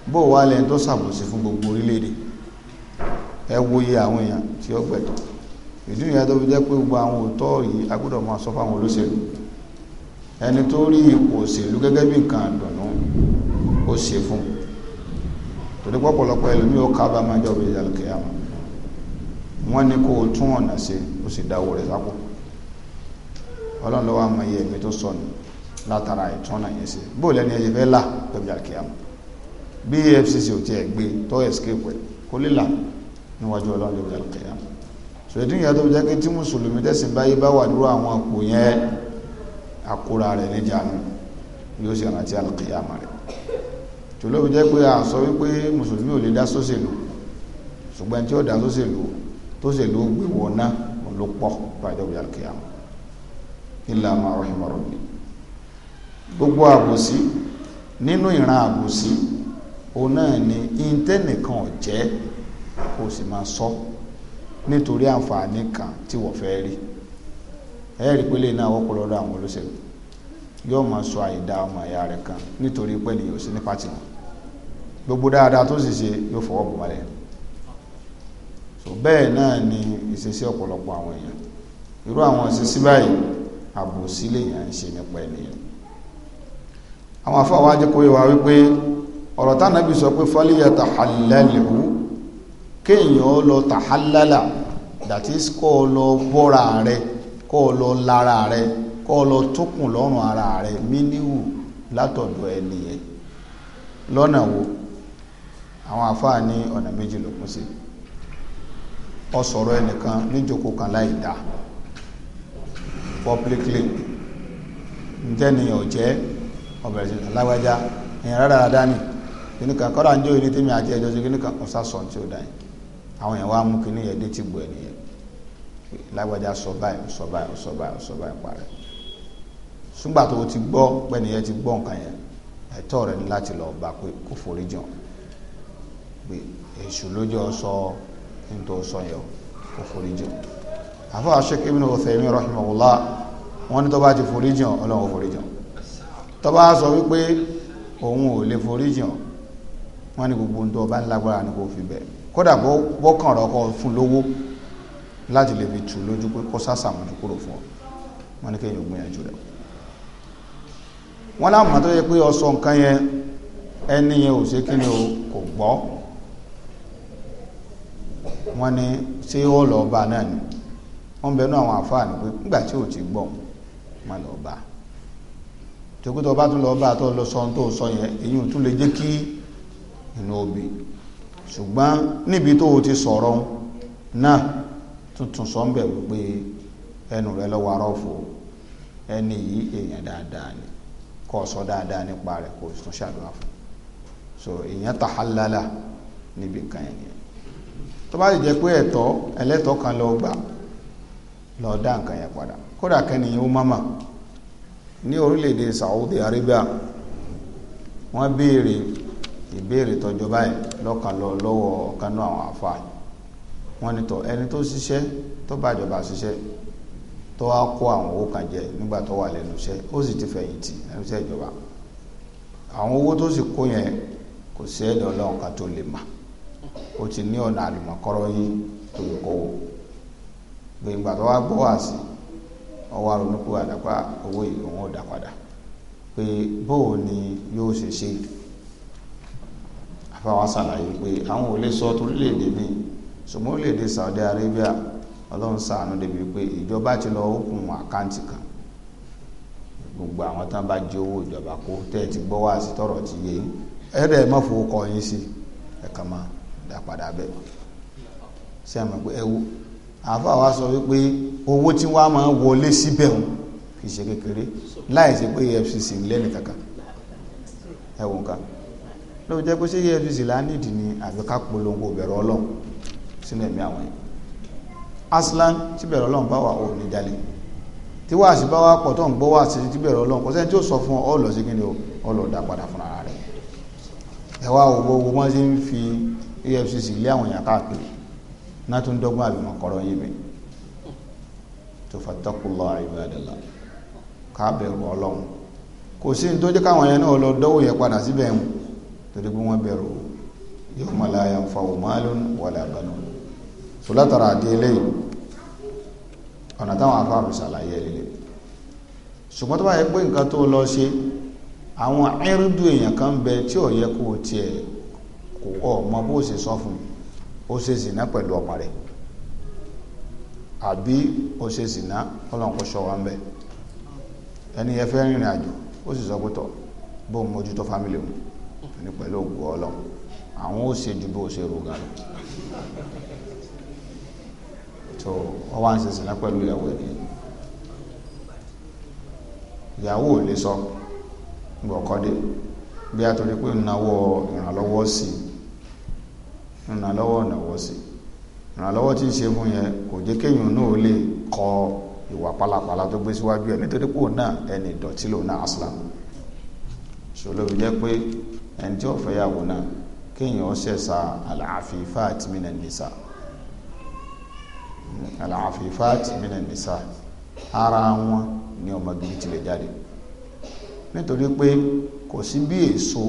bó wà lẹ́yìn tó ṣàbòsí fún gbogbo orílẹ̀-èdè ẹ wòye àwọn èèyàn tí ó gbẹ̀tọ̀ ìdí ìyá tó fi jẹ́ pé gbogbo àwọn òótọ́ yìí a gbọ́dọ̀ máa sọ fáwọn olóṣèlú ẹni tó rí ipò òṣèlú gẹ́gẹ́ bí nǹkan àdùnnú ó ṣe fún torí pọ̀pọ̀lọpọ̀ ẹlòmí ó ká bá máa jẹ́ òbí ìyàlùkẹ́ àmọ́ wọ́n ní kó o tún ọ̀nà ṣe ó sì dáwọ́ rẹ̀ sápò ọlọ́run lọ́wọ́ àmọ́ iye ẹ̀mí tó sọnù látara ìtúnà yẹn ṣe bóòlù ẹni ẹ̀yẹ fẹ́ là pẹ̀lú ìyàlùkẹ́ àmọ́ bí efcc ò tiẹ̀ gbé tó escape ẹ̀ kó lílà níwájú ọlọ́run lè dàlù kẹyà ṣèdí ìyá tó jẹ́ pé tí mùsùlùmí tẹ̀sìn báyé bá wà dúró àwọn àpò yẹn àkóra rẹ̀ níjànú yóò ṣe rántí alùkìyàmà rẹ̀ tòló fi jẹ́ pé a sọ wípé mùsùlùmí ò lè dá sóṣèlú ṣùgbọ́n tí ó dá sóṣèlú tó gbé wọná ló pọ̀ pàjọ́ bí alùkìyàmà illa òun náà ni ìǹtẹ́nìkan ò jẹ́ kó sì máa sọ nítorí àǹfààní kan tí wọ́n fẹ́ rí ẹ̀rí pé lẹ́yìn náà wọ́pọ̀ lọ́dọ̀ àwọn olóṣèlú yóò máa sọ àìdá ọmọ ìyá rẹ̀ kan nítorí pé nìyóò sí ní pàtì wọn gbogbo dáadáa tó sì ṣe yóò fọwọ́ bò wálẹ̀ so bẹ́ẹ̀ náà ni ìṣesí ọ̀pọ̀lọpọ̀ àwọn èèyàn irú àwọn ìṣesí báyìí àbòsí lèèyàn ń ṣe nípa ènìyàn àwọn afọ àwọn ajẹkọ̀ọ́ yìí wá wípé ọ̀rọ̀ tá nàbí sọ pé fọ́líyà tàhálàlù kéèyàn ó lọ tàhálàlà that is kọ́ ọ lọ bọ́ra rẹ kọ́ ọ lọ lára rẹ kọ́ ọ lọ tókùn lọ́rùn ara rẹ míníwù látọ̀dọ̀ ẹni yẹn lọ́nà wo àwọn àfáà ní ọ̀nà méjì ló kún sí ọ sọ̀rọ̀ ẹnìkan kan láì publicly ǹjẹ́ ni ọ̀jẹ́ ọ̀bẹ̀rẹ̀ sí alágbájá kìnnìkan kọ́dà ń jó ilé tèmi àti ẹjọ́ sí kìnnìkan ọ̀sà sọ tí ó dáyìn àwọn èèyàn wá mú kìnnì yẹn dé ti gbò ẹ̀ nìyẹn lágbájá sọ báyìí sọ báyìí sọ báyìí sọ báyìí parẹ́ ṣùgbà tó o ti gbọ́ pé nìyẹn ti gbọ́ nǹkan yẹn ẹ̀tọ́ rẹ̀ ni láti lọ bá pé kó forí jàn pé èṣù lójú ọsọ nítorí sọ yẹn kó forí jàn àfọwọ́ Sheikh Ibn forí jàn ọlọ́run forí jàn tó bá sọ wípé òun ò lè forí jàn wọ́n ní gbogbo ntọ́ ọba ńlágbára ni kò fi bẹ̀ kódà bọ́kàn rọ̀ kọ́ fún lówó láti lè fi tù lójú pé kó sá sàmójú kúrò fún ọ wọ́n ní kéèyàn gbìyànjú rẹ̀ wọ́n láwọn tó yẹ pé ọsọ nǹkan yẹn ẹni yẹn ò ṣe kí ni o kò gbọ́ wọ́n ní ṣé ó lọ bá náà ni wọ́n bẹnu àwọn àfáà ni pé nígbà tí ò ti gbọ́ wọn lọ bá tòkútọ̀ bá tún lọ bá tó lọ sọ ohun tó sọ yẹn èyí ò tún lè jẹ́ kí inú obì ṣùgbọ́n níbi tó o ti sọ̀rọ̀ náà tuntun sọ ń bẹ̀ wípé ẹnu rẹ lọ́wọ́ arọ́fò ẹni yìí èèyàn dáadáa ni kọ́ ọ sọ dáadáa nípa rẹ̀ kò tún ṣàdúrà fún so èèyàn tàhálálà níbi nǹkan yẹn nìyẹn tó bá lè jẹ́ pé ẹ̀tọ́ ẹlẹ́tọ́ kan lọ gbà lọ dá nǹkan yẹn padà kódà kẹ́niyàn ó mọ́mọ́ ní orílẹ̀-èdè Saudi Arabia wọ́n béèrè ìbéèrè tọjọba báyìí lọ́kàn lọ lọ́wọ́ ọ̀kan àwọn àfa wọn ni tọ ẹni tó ṣiṣẹ́ tó bá ìjọba ṣiṣẹ́ tó wá kó àwọn owó kan jẹ nígbà tó wà lẹ́nu iṣẹ́ ó sì ti fẹ̀yìntì ẹni iṣẹ́ ìjọba àwọn owó tó sì kó yẹn kò sí kan tó lè mà àfáwà sàlàyé pé àwọn ò lè sọ torílẹ̀ mi ṣùgbọ́n orílẹ̀ Saudi Arabia ọlọ́run ṣàánú débi pé ìjọba ti lọ ókun àkáǹtì kan gbogbo àwọn tán bá jí owó ìjọba kó tẹ́ ẹ ti gbọ́ wá sí tọ̀rọ̀ ti yé yín ẹ̀rẹ̀ ẹ̀ má fowó kọ yín sí ẹ̀ka máa dá bẹ́ẹ̀ sí àmọ́ pé ẹ wo àáfàá sọ wípé owó tí wàá máa wọlé síbẹ̀ ń kì ṣe kékeré láì ṣe pé EFCC ń lẹ́nu kankan ẹ wò nǹkan ló jẹ́ pé ṣé efcc lánìdì ni àfi ká polongo bẹ̀rẹ̀ ọlọ́run sínú ẹ̀mí àwọn yìí aslan tí bẹ̀rẹ̀ ọlọ́run bá wà ó ní jalè tí wàásì bá wà pọ̀ tó ń gbọ́ wàásì tí bẹ̀rẹ̀ ọlọ́run kò sẹ́ni tí ó sọ fún ọ lọ sí kíni o ọ lọ dá padà fúnra rẹ̀ ẹ wá wo gbogbo wọn ṣe ń fi efcc lé àwọn èèyàn káàkiri náà tó ń dọ́gbọ́n àbí wọn kọ́rọ́ yé mi tó fàtàkùlọ ibadallah ká bẹ̀rù ọlọ́run kò sí ní tó jẹ́ káwọn yẹn náà lọ dọ́wọ́ yẹn padà síbẹ̀ mu torí pé wọ́n bẹ̀rù yawma la yanfa'u malun wala banun so látara àdé eléyìí ọ̀nà táwọn afáàrù ṣàlàyé lílẹ̀ ṣùgbọ́n tó bá yẹ pé nǹkan tó lọ ṣe àwọn ẹrúdù èèyàn kan ń bẹ tí ò yẹ kó tiẹ̀ kò ọmọ bó ṣe sọ fún ó ṣe zìnà pẹ̀lú ọmọ rẹ̀ àbí ó ṣe zìnà ọlọ́run kò ṣọ wa bẹ ẹni yẹn fẹ́ rìnrìn àjò ó sì sọ pé tọ̀ bóun mójútó fámìlì mu ní pẹ̀lú ògùn ọlọ àwọn ó ṣe ju bó ṣe lọ tó ọ ń pẹ̀lú ìyàwó ẹ̀ yawo ìyàwó ò lè sọ gbọ̀ kọ́dé bí a torí pé ìnáwó ìrànlọ́wọ́ sí ìrànlọ́wọ́ ìnáwó sí ìrànlọ́wọ́ tí ń ṣe fún kọ ìwà pálapàla tó gbé síwájú nítorí náà ẹni ìdọ̀tí lòun náà aslam jẹ́ pé ẹni tí ó fẹ́ yàwó náà kéèyàn ó ṣẹ̀ṣà al-afifat minan nisa al-afifat minan nisa ara wọn ni ọmọ gidi ti lè jáde nítorí pé kò sí bí èso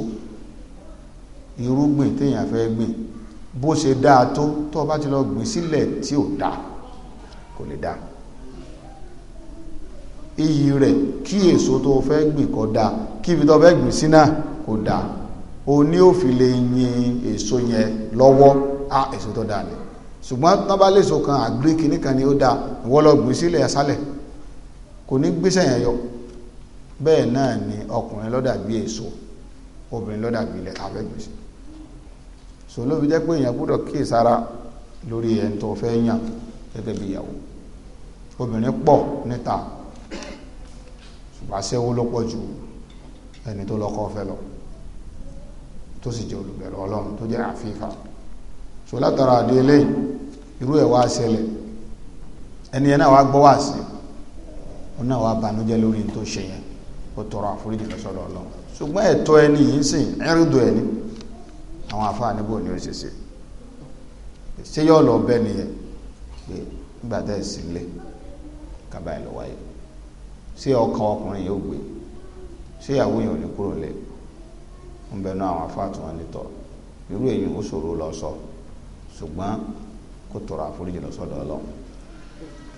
irúgbìn téèyàn fẹ́ gbìn bó ṣe dáa tó tó o bá ti lọ gbìn sílẹ̀ tí ò dáa kò lè dáa iyì rẹ̀ kí èso tó fẹ́ gbìn kó dáa kí ibi tó fẹ́ gbìn sí náà kó dáa o ní ò fi lè yin èso yẹn lọ́wọ́ á èso tó dáa ni ṣùgbọ́n tán bá léso kan àgbẹ̀ kìíní kan ni ó dáa ìwọ́ lọ gbìn sílẹ̀ asálẹ̀ kò ní gbéṣẹ́ yẹn yọ bẹ́ẹ̀ náà ni ọkùnrin lọ́dà bí èso obìnrin lọ́dà bí ilẹ̀ abẹ́gbèsè sòló fi jẹ́ pé èèyàn gbọ́dọ̀ kíì sára lórí ẹni tó fẹ́ yàn gẹ́gẹ́ bí ìyàwó obìnrin pọ̀ níta ṣùgbọ́n aṣẹ́wó ló pọ̀ ju ẹni tó lọ́kọ́ fẹ́ lọ tó sì jẹ́ olùbẹ̀rù ọlọ́run tó jẹ́ àfífà so látara àdé eléyìí irú ẹ̀ wá ṣẹlẹ̀ ẹni ẹ̀ náà wá gbọ́ wá sí òun náà wá banújẹ́ lórí tó ṣe yẹn ó tọrọ àforíjì lọ́sọ̀rọ̀ ọlọ́run ṣùgbọ́n ẹ̀tọ́ ẹni yìí ń sìn ẹ̀rùdù ẹni àwọn afá níbò ni ó ṣe ṣe ṣé yóò lọ bẹ́ẹ̀ nìyẹn pé nígbà tá ẹ̀ sí ilé kábàáyé lọ wáyé ṣé ọkàn ọkùnrin yóò gbé ṣé ìyàwó yẹn ò ní kúrò lẹ́yìn ń bẹnu àwọn afáàtù wọn lè tọ irú èyí ó ṣòro lọ sọ ṣùgbọ́n kó tọrọ àforíjì lọ sọ́dọ̀ Ọlọ́run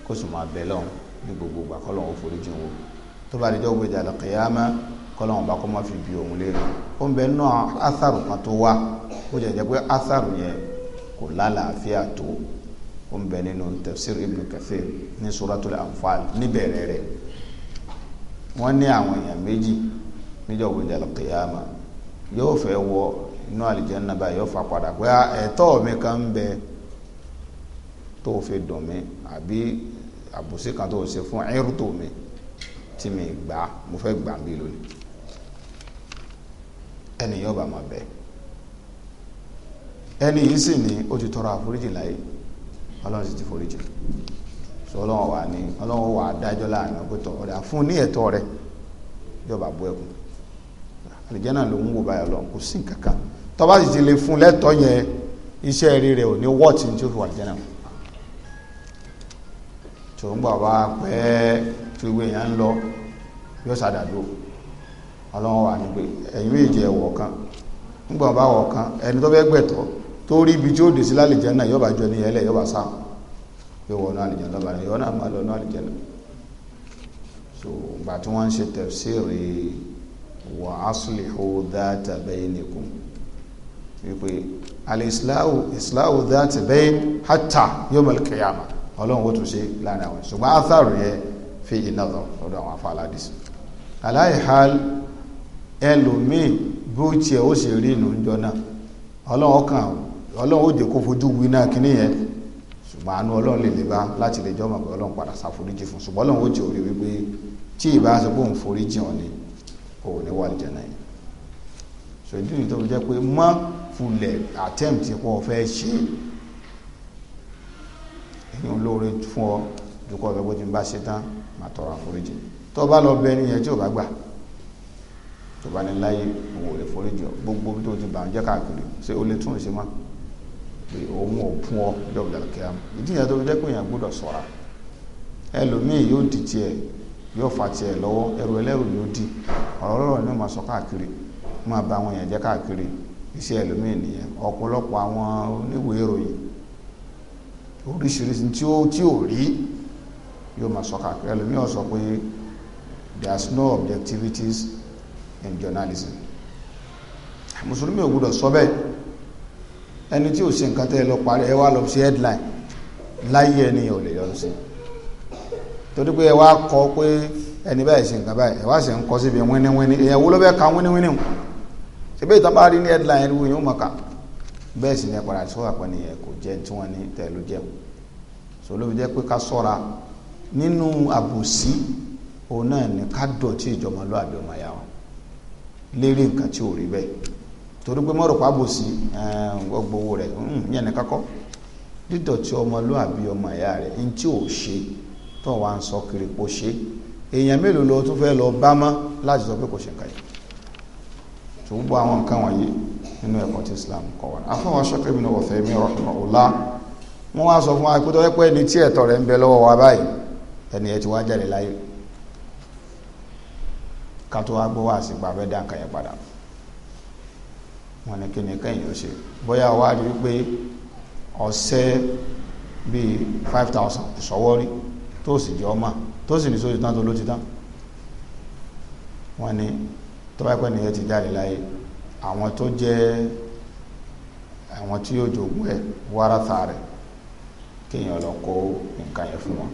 kó sì máa bẹ lọ́run ní gbogbo ìgbà kọlọ́run ó foríjì wò tó bá dijọ́ gbèjà lọ́kẹ́yàmá kọlọ́run bá kọ́ máa fi bi òun léèrè ó ń bẹ nínú asaru kan tó wá ó jẹjẹ pé asaru yẹn kò lálàáfíà tó ó ń bẹ nínú tafsir ibn Kathir ní suratul Anfal níbẹ̀rẹ̀ rẹ̀ wọ́n ní àwọn èèyàn méjì níjọ́ gbèjà lọ́kẹ́yàmá yóò fẹ́ wọ inú àlìjẹ́nà báyìí yóò fà padà pé ah, ẹ̀tọ́ mi kan bẹ tó fi dùn mí àbí àbùsí kan tó ṣe fún ẹrú tó mi tí mi gbà mo fẹ́ gbà mí lónìí ẹni yóò bá bẹ ẹni yìí sì ni ó ti tọrọ àforíjì láyé ọlọ́run sì ti foríjì ọlọ́run wà ní ọlọ́run wà dájọ́ láàrin ọgbẹ́tọ̀ ọ̀rẹ́ àfún ní ẹ̀tọ́ yóò bá àlìjẹ́nà ló ń wò báyọ̀ lọ kò sí nǹkan kan tó bá sì ti lè fún lẹ́tọ́ yẹn iṣẹ́ rí rẹ̀ ò ní wọ́ọ̀tì tí ó fi wà àlìjẹ́nà tó ń gbà wá pẹ́ tí gbogbo èèyàn ń lọ yóò ṣàdàdó ọlọ́run wà nígbè ẹ̀yìn méje ẹ̀wọ̀ kan ńgbọ̀n bá wọ̀ kan ẹni tó fẹ́ gbẹ̀tọ̀ tó rí ibi tí ó dé sí lálìjẹ́nà yóò bá jọ ní ẹlẹ́ yóò bá sá yóò wọ̀ náà àlìjẹ́nà lọ́ba yóò náà máa lọ náà so ìgbà tí wọ́n ń ṣe tẹ̀síìrì wà aslihu dhata bainikum wípé alìsíláwò ìsíláwò dhata bain hatta yawm al-qiyama ọlọ́run ó tún ṣe láàrin àwọn ṣùgbọ́n atharu yẹn fi ìnàdọ̀ lọ́dọ̀ àwọn afọ aládìsí aláìhal ẹlòmíì bí ó tiẹ̀ ó sì rí ìlú ńjọ náà ọlọ́run kan ọlọ́run ó jẹ́ kó fojú wí náà kíní yẹn ṣùgbọ́n àánú ọlọ́run lè lè bá láti lè jọ́ mọ̀ pé ọlọ́run padà ṣàforíjì fún ṣùgbọ́n ọlọ́run ó jẹ́ orí wípé tí ìbá ò ní wà lìjẹ̀nà yìí so ìdí nìyí tó fi jẹ́ pé má fulẹ̀ attempt kó o fẹ́ ṣe èyí ń lóore fún ọ dukọ bẹ bó ti ń bá ṣe tán má tọrọ àforíjì tó o bá lọ bẹ nìyẹn tí o bá gbà tó o bá ní láyé òwò lè foríjì ọ gbogbo tó o ti bànújẹ́ káàkiri ṣé o lè tún ìṣe mọ́ pé òun ò fún ọ lọ́wọ́ lọ́kẹ́ àmọ́ ìdí nìyẹn tó fi jẹ́ pé èèyàn gbọ́dọ̀ ṣọ́ra ẹlòmíì yóò di tiẹ̀ yóò fa tiẹ̀ lọ́wọ́ ẹrù ẹlẹ́rù ló dì ọ̀rọ̀ ọlọ́rọ̀ ni ó máa sọ káàkiri máa ba àwọn èèyàn jẹ́ káàkiri iṣẹ́ ẹlòmíì nìyẹn ọ̀pọ̀lọpọ̀ àwọn oníwèé ìròyìn oríṣiríṣi tí ó tí ò rí yóò máa sọ káàkiri ẹlòmíì ó sọ pé there is no objectivities in journalism mùsùlùmí ò gbúdọ̀ sọ bẹ́ẹ̀ ẹni tí ò ṣe nǹkan tẹ́ ẹ lọ parí ẹ wá lọ sí headline láyé ẹni ò lè yọ sí i torí pé ẹ wá kọ pé ẹni báyìí ṣe nǹkan báyìí ẹ wá ṣe ń kọ síbi wíníwíní èèyàn wo ló fẹ́ ka wíníwíní o ṣe bẹ́ẹ̀ tán rí ní headline wo yóò mọ̀ ká bẹ́ẹ̀ sì ni ẹ̀pàdà tó wà pẹ́ni yẹn kò jẹ́ tí wọ́n ní tẹ̀lú jẹ́ o sọ ló fi jẹ́ pé ká sọ́ra nínú àbòsí òun náà ní ká dọ̀tí ìjọba ló àbí ọmọ wọn lérí nǹkan tí ò rí bẹ́ẹ̀ torí pé mọ́rọ̀ pa àbòsí gbogbo rẹ̀ hmm, yẹn ní kakọ́ dídọ̀tí ọmọlúàbí ọmọ ìyá rẹ̀ ní tí ò ṣe tó wà ń sọ kiri kò ṣe èèyàn mélòó lọ tún fẹ́ lọ bá mọ́ láti sọ pé kò ṣe nǹkan tó gbọ́ àwọn nǹkan wọ̀nyí nínú ẹ̀kọ́ tí Islam kọ́ wa afọwọ́ ṣọ́kẹ́ mi náà fẹ́ mi rahimahullah wọ́n wá sọ fún wa pé tọ́wọ́ pé ẹni tí ẹ̀tọ́ rẹ̀ ń bẹ lọ́wọ́ wa báyìí ẹni ẹ ti wá jáde láyé ká tó wá gbọ́ wá sí gbà fẹ́ dá nǹkan yẹn padà wọn ni kí ni kẹ́yìn ó ṣe bóyá wá rí pé ọ̀sẹ̀ bíi five thousand sọ́wọ́ rí tó sì jẹ́ ọmọ tó sì ní sójú tán tó ló ti tán wọ́n ní tó bá pẹ́ nìyẹn ti jáde láyé àwọn tó jẹ́ àwọn tí yóò jogún ẹ̀ wáratà rẹ̀ kéèyàn lọ kó nǹkan yẹn fún wọn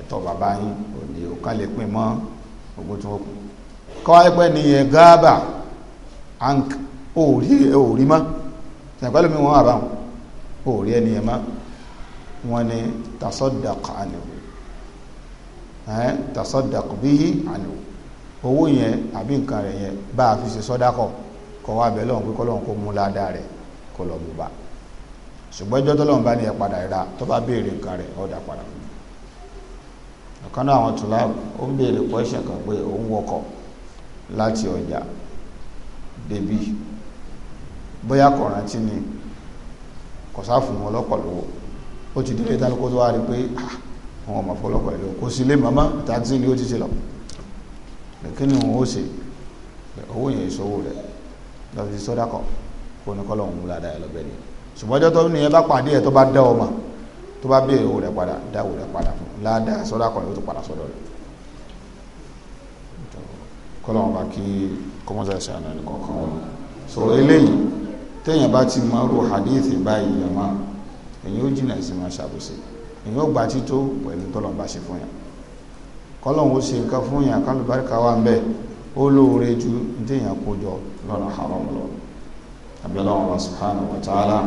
ẹ̀tọ́ bàbá yín òní òkà lè pín mọ́ ogún tí wọ́n kú kọ́ ẹgbẹ́ nìyẹn gáàbà òòrí mọ́ ṣàpẹ́lẹ́mí wọn àbáwọn òòrí ẹnìyẹn mọ́ wọ́n ní tasaddaq anhu ẹ́ tasaddaq bihi anhu owó yẹn àbí nǹkan rẹ̀ yẹn bá a fi ṣe sọ́dákọ̀ kọ́ wá bẹ̀ lọ́hùn pé kọ́lọ́hùn kó mú ládàá rẹ̀ kó lọ mú ṣùgbọ́n ẹjọ́ tọ́lọ́hùn bá ní ẹ padà ra tó bá béèrè nǹkan rẹ̀ ọ̀dà padà fún un ọ̀kan náà àwọn tùlá ó ń béèrè question kan pé òun wọkọ̀ láti ọjà débí bóyá kọ̀rántí ni kọ̀sáfùn ọlọ́pọ̀ lówó ó ti délé tálùkó tó wá rí pé àwọn ah, ọmọ fọlọ́pọ̀ ẹ̀lú kò sí lé màmá táxi ni ó ti ṣe lọ kí ni òun ó ṣe owó yẹn ìṣòwò rẹ̀ lọ sí sọ́dákọ̀ kó ní kọ́lọ̀ òun ládàá ẹ̀ lọ́bẹ̀ ni ṣùgbọ́n ọjọ́ tó ní ẹ bá pàdé ẹ̀ tó bá dá ọmọ tó bá béèrè owó rẹ̀ padà dá owó rẹ̀ padà fún ládàá sọ́dákọ̀ yóò tó padà sọ́dọ̀ rẹ̀ kọ́lọ̀ bá kí kọ́mọ́sá ṣàánú so eléyìí téèyàn bá ti mọ irú hadithi èyí ó jìnà sí máa ṣàbòsí èyí ó gba tító pẹ̀lú tọ́lọ̀ bá ṣe fún yàn kọ́lọ̀hún ó ṣe nǹkan fún yàn kálùbáríkà wà ń bẹ ó lóore ju déèyàn kó jọ lọ́nà haram lọ abẹ́lẹ́ Allah subhanahu wa ta'ala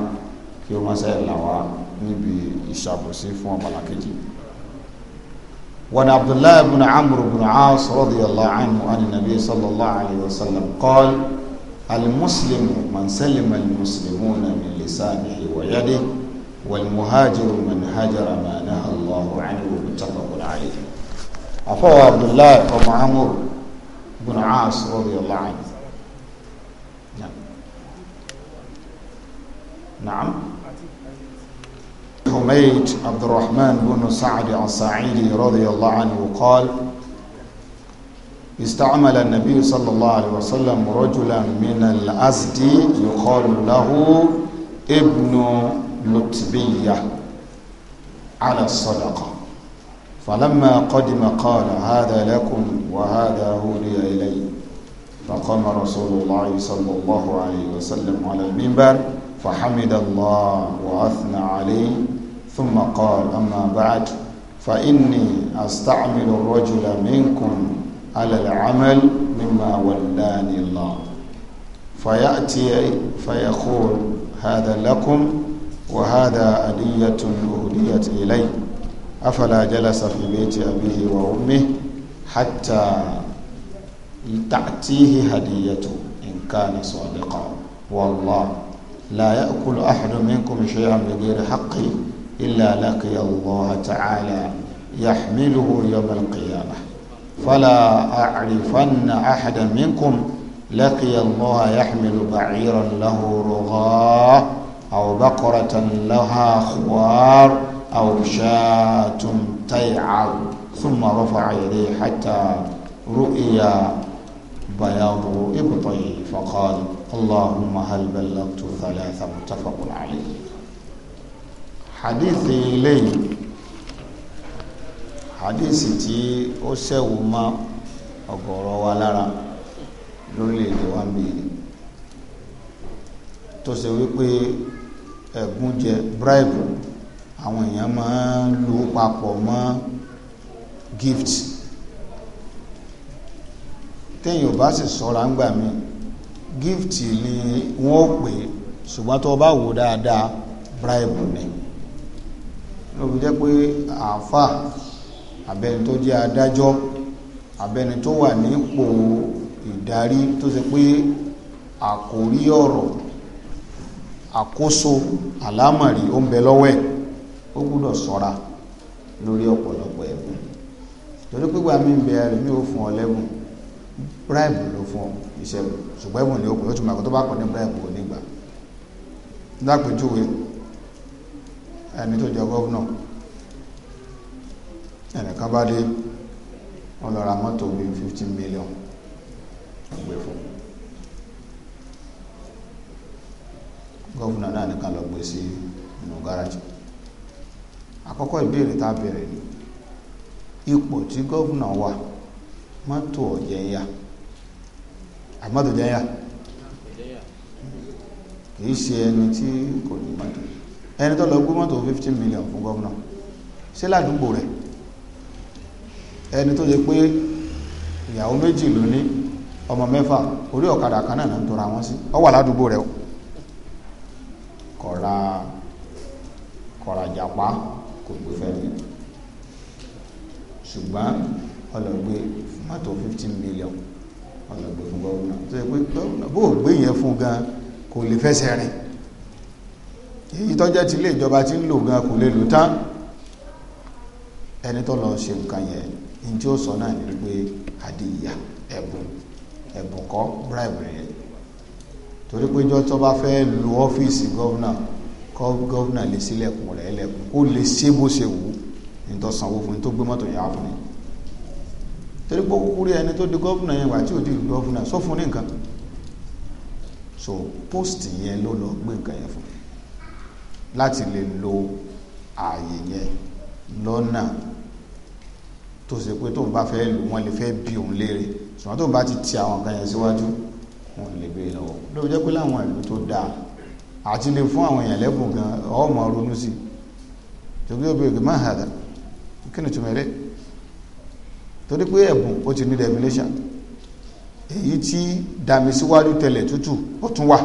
kí ó máa sẹ́yìn làwà níbi ìṣàbòsí fún ọmọlàkejì wọn abdullahi ibn amr ibn as radiyallahu anhu ani nabi sallallahu alayhi wa sallam qal al muslimu man salima al muslimuna wa yadihi والمهاجر من هاجر ما نهى الله عنه متفق عليه أفوى عبد الله بن عمر بن عاص رضي الله عنه نعم نعم حميد عبد الرحمن بن سعد الصعيدي رضي الله عنه قال استعمل النبي صلى الله عليه وسلم رجلا من الأزدي يقال له ابن لطبية على الصدقة فلما قدم قال هذا لكم وهذا هولي إلي فقام رسول الله صلى الله عليه وسلم على المنبر فحمد الله وأثنى عليه ثم قال أما بعد فإني أستعمل الرجل منكم على العمل مما ولاني الله فيأتي فيقول هذا لكم وهذا أدية أهديت إليه أفلا جلس في بيت أبيه وأمه حتى تأتيه هديته إن كان صادقا والله لا يأكل أحد منكم شيئا بغير حقه إلا لقي الله تعالى يحمله يوم القيامة فلا أعرفن أحدا منكم لقي الله يحمل بعيرا له رغاه أو بقرة لها خوار أو شاة تيعر ثم رفع إليه حتى رؤيا بياض إبطي فقال اللهم هل بلغت ثلاثة متفق عليه حديث لي حديث تي أسوما ọ̀gọ̀rọ̀ wa lára lórílẹ̀-èdè ẹ̀gún jẹ bribe àwọn èèyàn máa ń lu papọ̀ mọ́ gift téèyàn bá sì sọ́ra ń gbà mí gift ni wọ́n pè ṣùgbọ́n tó bá wò dáadáa bribe ni ló fi jẹ́ pé àáfàá abẹni tó jẹ́ adájọ́ abẹni tó wà nípò ìdarí tó ṣe pé àkórí ọ̀rọ̀ àkóso àlámọ̀rí ó ń bẹ lọ́wọ́ ẹ̀ ó gbúdọ̀ ṣọ́ra lórí ọ̀pọ̀lọpọ̀ ẹ̀bùn torí pípa mi ń bẹ ẹ̀rọ mi ò fún ọ lẹ́bùn bribe ló fún ọ iṣẹ́ ṣùgbọ́n ẹ̀bùn ni ó kù ó àkótó bá kọ́ ní bribe ò ní gbà lápèjúwe ẹni tó jẹ gọ́vnà ẹnìkan bá dé mọ́tò bíi fifteen million ó gbé fún un gọ́vùnà náà nìkan lọ gbé sí inú gáràjì àkọ́kọ́ ìbéèrè tá a bẹ̀rẹ̀ ni ipò tí gọ́vùnà wà mọ́tò ọ̀jẹ̀yà àmọ́tò jẹ́yà kìí ṣe ẹni tí kò ní mọ́tò ẹni tó lọ gbé mọ́tò 15 million fún gọ́vùnà ṣé ládùúgbò rẹ̀ ẹni tó ṣe pé ìyàwó méjì ló ọmọ mẹ́fà orí ọ̀kadà kan náà ń tọra wọn sí ó wà ládùúgbò o kọ̀ra kọ̀ra jàpá kò gbé fẹ́mi ṣùgbọ́n ọlọ́gbé mọ́tò fifteen million ọlọ́gbé fún gómìnà tó yẹ pé gómìnà bó gbé yẹn fún gan kò lè fẹsẹ̀ rìn èyí tọ́jẹ́ ti ilé ìjọba ti ń lò gan kò lè lò tán ẹni tó lọ ṣe nǹkan yẹn ní tí ó sọ náà ni pé adìyà ẹ̀bùn ẹ̀bùn kọ́ bribery yẹn torí pé jọ́ tó bá fẹ́ lu ọ́fíìsì gọ́vnà kọ́ gọ́vnà lè sílẹ̀kùn rẹ̀ lẹ̀kùn kó lè ṣe bó ṣe wù ní tó sanwó fún tó gbé mọ́tò yà fún ni torí pé kúkúrú ẹni tó di gọ́vnà yẹn wà tí ò di gọ́vnà sọ fún ní nǹkan so post yẹn ló lọ gbé nǹkan yẹn fún láti lè lo ààyè yẹn lọ́nà tó ṣe pé tóun bá fẹ́ lù wọ́n lè fẹ́ bí òun léèrè ṣùgbọ́n tóun bá ti ti àwọn nǹkan yẹn síwájú. Si wọn lè béèrè lọ́wọ́ lóòótọ́ jẹ́ pé láwọn ìlú tó dáa àti lè fún àwọn èèyàn lẹ́bùn gan ọmọ ronú sí tòbí obìnrin kì máa hàdà kí ni túmọ̀ rẹ̀ torí pé ẹ̀bùn ó ti ní revelation èyí tí dàmí síwájú tẹ̀lẹ̀ tútù ó tún wà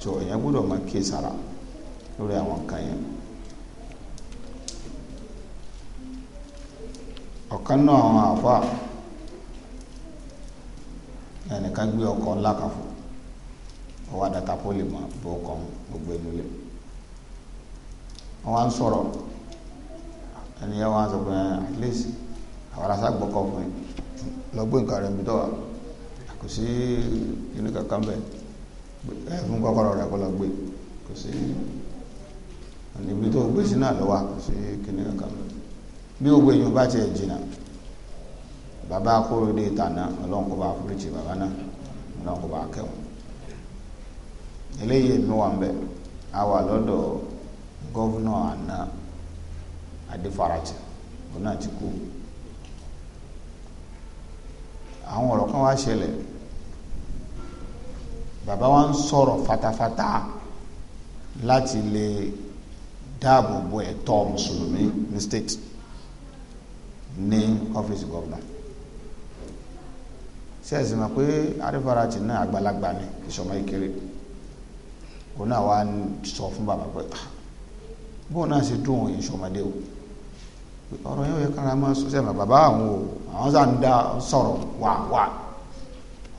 tó èèyàn gbọ́dọ̀ máa kíyè sára lórí àwọn nǹkan yẹn ọ̀kan náà àwọn àfáà ẹnìkan gbé ọkọ̀ ńlá kan fún ọwọ́ adaka pólì mọ́ bó kàn gbogbo inú lẹ̀ wọ́n wá ń sọ̀rọ̀ ẹni yẹn wọ́n á sọ pé eh, at least àwọn ará sáà gbọ́kọ̀ fún yìí lọ́gbọ́n nǹkan rẹ̀ ń bí tọ́wà kò sí inú kankan bẹ̀ ẹ fún kọ́kọ́rọ́ rẹ̀ kó lọ gbé kò sí ibi tó gbé sí náà lọ́wọ́ kò sí kinní kankan bẹ̀ bí gbogbo èèyàn bá tiẹ̀ jìnnà bàbá akóredé tana, ọlọ́run kó bá foríjì bàbá náà ọlọ́run kó bá kẹwọn eléyìí èmi wà ń bẹ a wà lọ́dọ̀ gọ́vnọ̀ àná adéfarajì òun náà ti kú àwọn ọ̀rọ̀ kan wá ṣẹlẹ̀ bàbá wa ń sọ̀rọ̀ fatafata láti lè dáàbò bo ẹ̀tọ́ mùsùlùmí ní state ní ọ́fíìsì gọ́vnọ̀ ṣe ẹ̀sìn mọ̀ pé àrífàràtì náà àgbàlagbà ni ìṣọmọ ìkéré òun náà wá sọ fún bàbá pé ah, bóun náà ṣe dùn òun ìṣọmọdé o ọ̀rọ̀ yẹn ó yẹ kára máa sọ sẹ́mi bàbá àwọn o àwọn sá ń dá sọ̀rọ̀ wà wà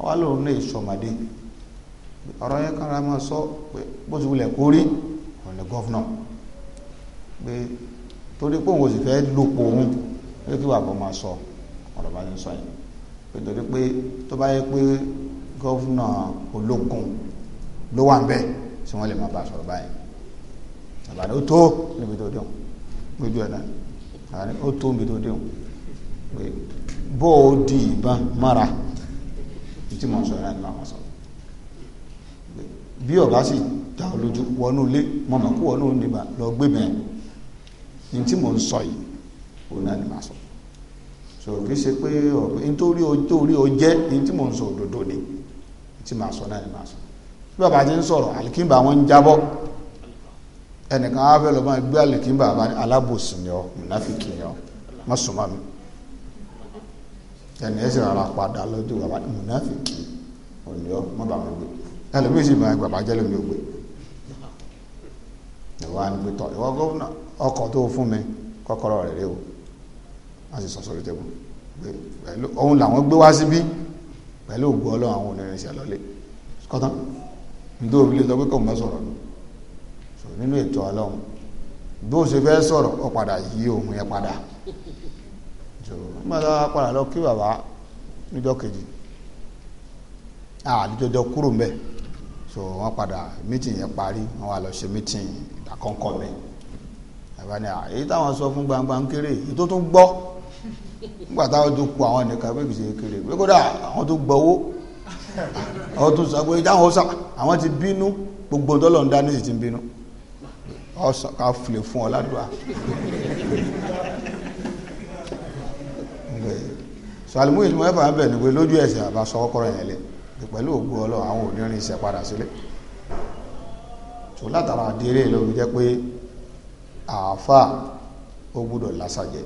wà lóun náà ìṣọmọdé ọ̀rọ̀ yẹn kára máa sọ pé bó ti wulẹ̀ kórí òun ni gọ́fúnà pé torí pé òun ò sì fẹ́ lòpọ̀ òun pé kí wàá bọ́ máa sọ ọ̀rọ̀ bá ti ń sọ yẹn nítorí pé tó bá yẹ pé gọ́fúnà ológun ló wà ń bẹ̀ tí wọ́n lè máa bá a sọ̀rọ̀ báyìí àbáni ó tó níbi tó déhùn lójú ẹ̀ náà àbáni ó tó níbi tó déhùn pé bó o di ìbọn mára tí mo sọ ìrìn àwọn sọ bí ọba sì ta olójú wọnú ilé mọ̀mọ́ kú wọnú níbà lọ gbé bẹ́ẹ̀ ní tí mo ń sọ yìí òun náà ni màá sọ so kì í ṣe pé nítorí nítorí o jẹ́ ní tí mò ń sọ òdodo ni tí màá sọ náà ni màá sọ bí bàbá ti ń sọ̀rọ̀ àlìkínbà wọn ń jábọ́ ẹnìkan á fẹ́ lọ máa gbé àlìkínbà bá ní alábòsí ni ọ mùnáfíkì ni ọ má súnmọ́ mi ẹni ẹsẹ̀ rárá padà lọ́jọ́ bàbá ní mùnáfíkì òní ọ má bàbá gbé ẹlòmíì sì máa gbàgbá jẹ́ lómi ògbé ìwà ni pé tọ́ ìwọ gómìnà wọ́n sì sọ sórí tẹ́bù pẹ̀lú ohun làwọn gbé wá síbí pẹ̀lú ògbó ọlọ́run àwọn onírìn sí àlọ́lé kọ́tán nítorí òbí lè sọ pé kò mọ́ sọ̀rọ̀ sọ nínú ètò ọlọ́run bó ṣe fẹ́ sọ̀rọ̀ ọ padà yí ohun yẹn padà jò mọ́tò wá padà lọ kí bàbá níjọ́ kejì àdìjọjọ kúrò ń bẹ̀ so wọ́n padà mítìn yẹn parí wọ́n wá lọ ṣe mítìn ìdákọ́ńkọ́ mi bàbá ni àyè táwọn sọ fún gbangba ń kéré ètò tó gbọ́ nígbà táwọn tó kú àwọn ẹnìkan pé kìí ṣe kéré pé kódà àwọn tó gbọ́wọ́ àwọn tó sọ pé táwọn sọ àwọn ti bínú gbogbo tó lọ́n dání sì ti bínú ọ̀sán ká filè fún ọ ládùúgbà. sàlùmù ìlúmọ̀ ẹ̀fà ń bẹ̀ ni pé lójú ẹ̀sẹ̀ àbá sọ kọ́kọ́rọ́ yẹn lẹ̀ pẹ̀lú ògbó ọlọ́run àwọn òdìrín iṣẹ́ padà sílé tó látara àdéré lórí jẹ́ pé àáfà ó gbúdọ̀ lásàjẹ́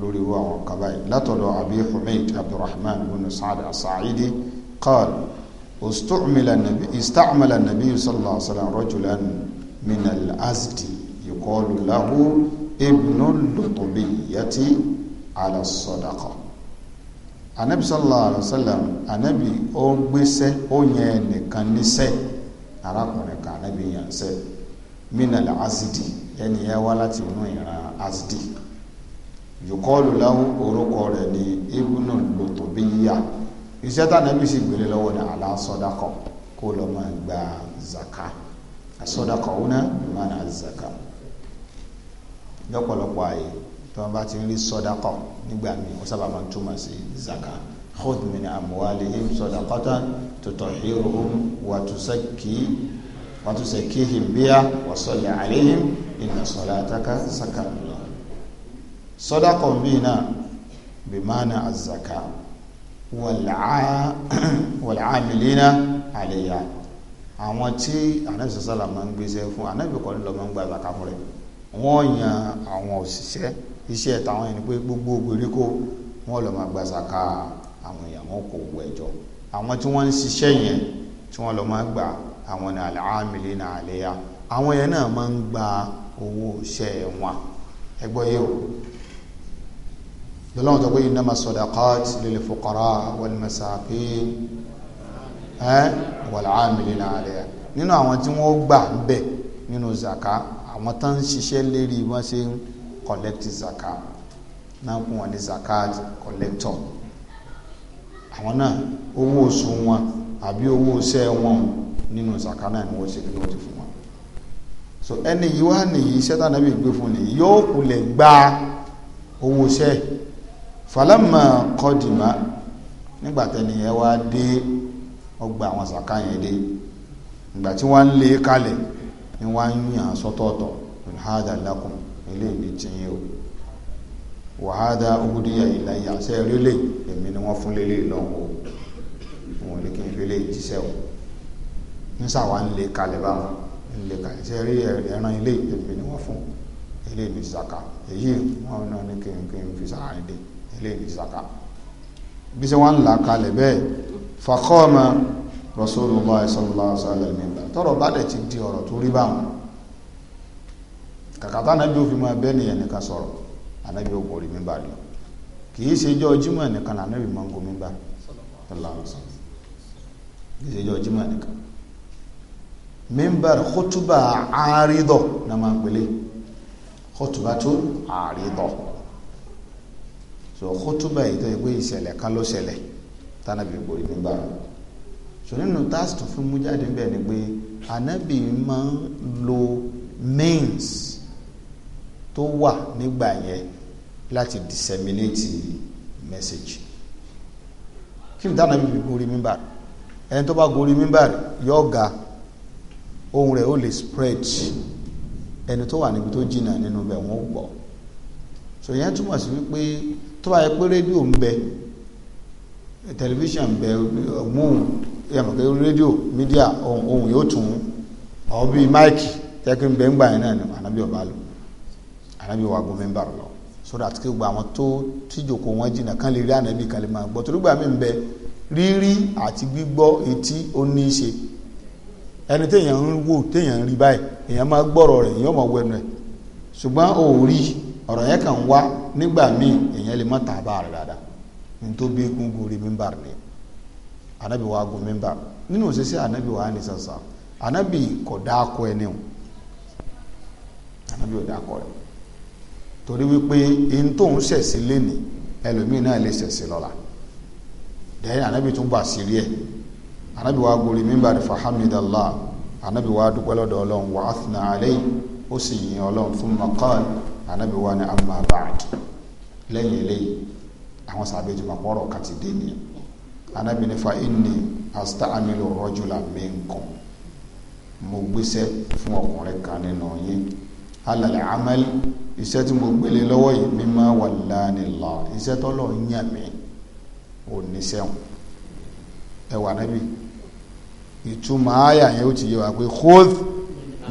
lórí irú àwọn kaba yìí látọ̀dọ̀ abi humaid abdulrahman bin saad asaidi qaal استعمل النبي صلى الله عليه وسلم رجلا من الأزد يقال له ابن اللطبية على الصدقة anabi sallallahu alayhi wa sallam anabi ó gbéṣẹ́ ó yẹn nìkan níṣẹ́ arákùnrin kan anabi yàn ṣẹ́ minal azidi ẹni yẹn wá láti inú ìran azidi yòkọ́ọ̀lù láwọn orúkọ rẹ̀ ní ibùnà lòtòbíyà iṣẹ́ tánàbí sì gbèrè lọ́wọ́ ní aláṣọ́dákọ̀ kó lọ máa gba zaka asọ́dákọ̀ wúná máa na zaka lọ́pọ̀lọpọ̀ ààyè tí wọ́n bá ti rí sọ́dákọ̀ nígbà míì wọ́n sábà máa túmọ̀ sí zaka khudh min amwalihim sadaqatan tutahhiruhum wa tuzakki wa tuzakkihim biha wa sọ́dákọ̀ bíi náà bí mana azaka wàlàámìlínà àlèyà àwọn tí anabi sọ́sọ́là máa ń gbéṣẹ́ fún anabi kọ́ nílò máa ń gba àzàká fún rẹ̀ wọ́n yan àwọn òṣìṣẹ́ iṣẹ́ tàwọn ẹni pé gbogbo gbèríko wọ́n lọ máa gba àzàká àwọn èèyàn wọn kò wọ ẹjọ́ àwọn tí wọ́n ń ṣiṣẹ́ yẹn tí wọ́n lọ máa gbà àwọn ní àlàámìlínà àlèyà àwọn yẹn náà máa ń gba owó iṣẹ́ wọn ẹgbọ́ yìí lọ́lọ́run tó pé innama sadaqat lil fuqara wal masakin wal amilina alayha nínú àwọn tí wọ́n gbà ń bẹ̀ nínú zaka àwọn tó ń ṣiṣẹ́ lérí wọ́n ṣe ń collect zaka náà kún wọn ní zakat collector àwọn náà owó oṣù wọn àbí owó iṣẹ́ wọn nínú zaka náà ni wọ́n ṣe kí ti fún wọn so ẹni yìí wá nìyí iṣẹ́ tàbí gbé fún nìyí yóò kulẹ̀ gba owó iṣẹ́ falama kọdìmá nígbà tẹni ẹ wá dé ọgbà àwọn sàká yẹn dé ìgbà tí wọ́n ń lé e kalẹ̀ ni wọ́n ń yàn sọ́tọ̀ọ̀tọ̀ ìhádà lákùn ilé ìbí tiyín o wàhádà ogúdíyà ìlàyà ṣe rílé èmi ni wọ́n fún lélẹ̀ lọ́wọ́ wọn ní kí n fílẹ̀ jíṣẹ́ o nísàwà ń lé e kalẹ̀ báwọn ń lé e kalẹ̀ ṣe rí ẹran ilé èmi ni wọ́n fún ilé ìbí sàká èyí wọn náà ní kí n fi sàárẹ̀ dé eléyìí ní zaka bí sẹ́ wọ́n ń là kalẹ̀ bẹ́ẹ̀ faqama rasulullah sallallahu alaihi wasallam tọrọ bá dẹ̀ ti di ọ̀rọ̀ tó rí báwọn kàkàtà anábì òfin máa bẹ́ẹ̀ nìyẹn nìkan sọ̀rọ̀ anábì ó gorí mímbà lọ kì í ṣe ijọ́ jímọ̀ nìkan anábì máa ń go mímbà kì í ṣe ijọ́ jímọ̀ nìkan mímbà khutuba àárídọ̀ náà máa pèlè khutuba tó àárídọ̀ so kótóbà yìí tó yẹ pé ìṣẹ̀lẹ̀ kan ló ṣẹlẹ̀ tánàbí borí nígbà rẹ̀ so nínú táàsì tó fi mú jáde bẹ́ẹ̀ ni pé ànábì máa lo means tó wà nígbà yẹn láti disseminate message kí ni tánàbí borí nígbà ba ẹni tó bá gorí nígbà rẹ̀ yóò ga ohun rẹ̀ ó lè spread ẹni tó wà níbi tó jìnnà nínú bẹ̀ wọ́n gbọ́ so ìyẹn túmọ̀ sí wípé tó bá yẹ pé rédíò ń bẹ tẹlifíṣàn bẹ ọgbọ́n yàmùkẹ́ rédíò mídíà ohun yóò tún ọ bí máìkì tẹ́kí bẹ ń gbà yẹn náà ni ànábì ọba lò ànábì wa gun mẹ́mbà lọ sọ́dọ̀ àti kí gbogbo àwọn tó tíjòkó wọn jìnnà kán lè rí ànábì kan lè máa gbọ́ torí gbà mí ń bẹ rírí àti gbígbọ́ etí ó ní í ṣe ẹni téèyàn nígbà míì èèyàn lè má tàbá rẹ̀ dáadáa ní tó bí kún gúrí mímbà ni anábì wa gun mímbà nínú òṣìṣẹ́ anábì wa ní sàṣà anábì kò dáko o anábì ò dáko rẹ̀ torí wípé in tó ń ṣẹ̀sí léni ẹlòmíì náà lè ṣẹ̀sí lọ́la dẹ́yìn anábì tún bà sí rí anábì wa gúrí mímbà rẹ̀ fahamidallah anábì wa dúpẹ́ lọ́dọ̀ ọlọ́run wa athna alayhi ó anabi wa ni amma ba'd lẹ́yìn eléyìí àwọn sàbẹ̀ jùmọ pọrọ kàti dé ni anabi ni fa inni asta'milu rajula minkum mo gbéṣẹ́ fún ọkùnrin kan nínú yín alàlẹ amẹl iṣẹ́ tí mo gbélé lọ́wọ́ yìí mímọ wà lánìlá iṣẹ́ tọlọ yàn mí ò ní sẹwọn ẹ wà níbi ìtumọ̀ ayà yẹn ó ti yẹ wá pé khudh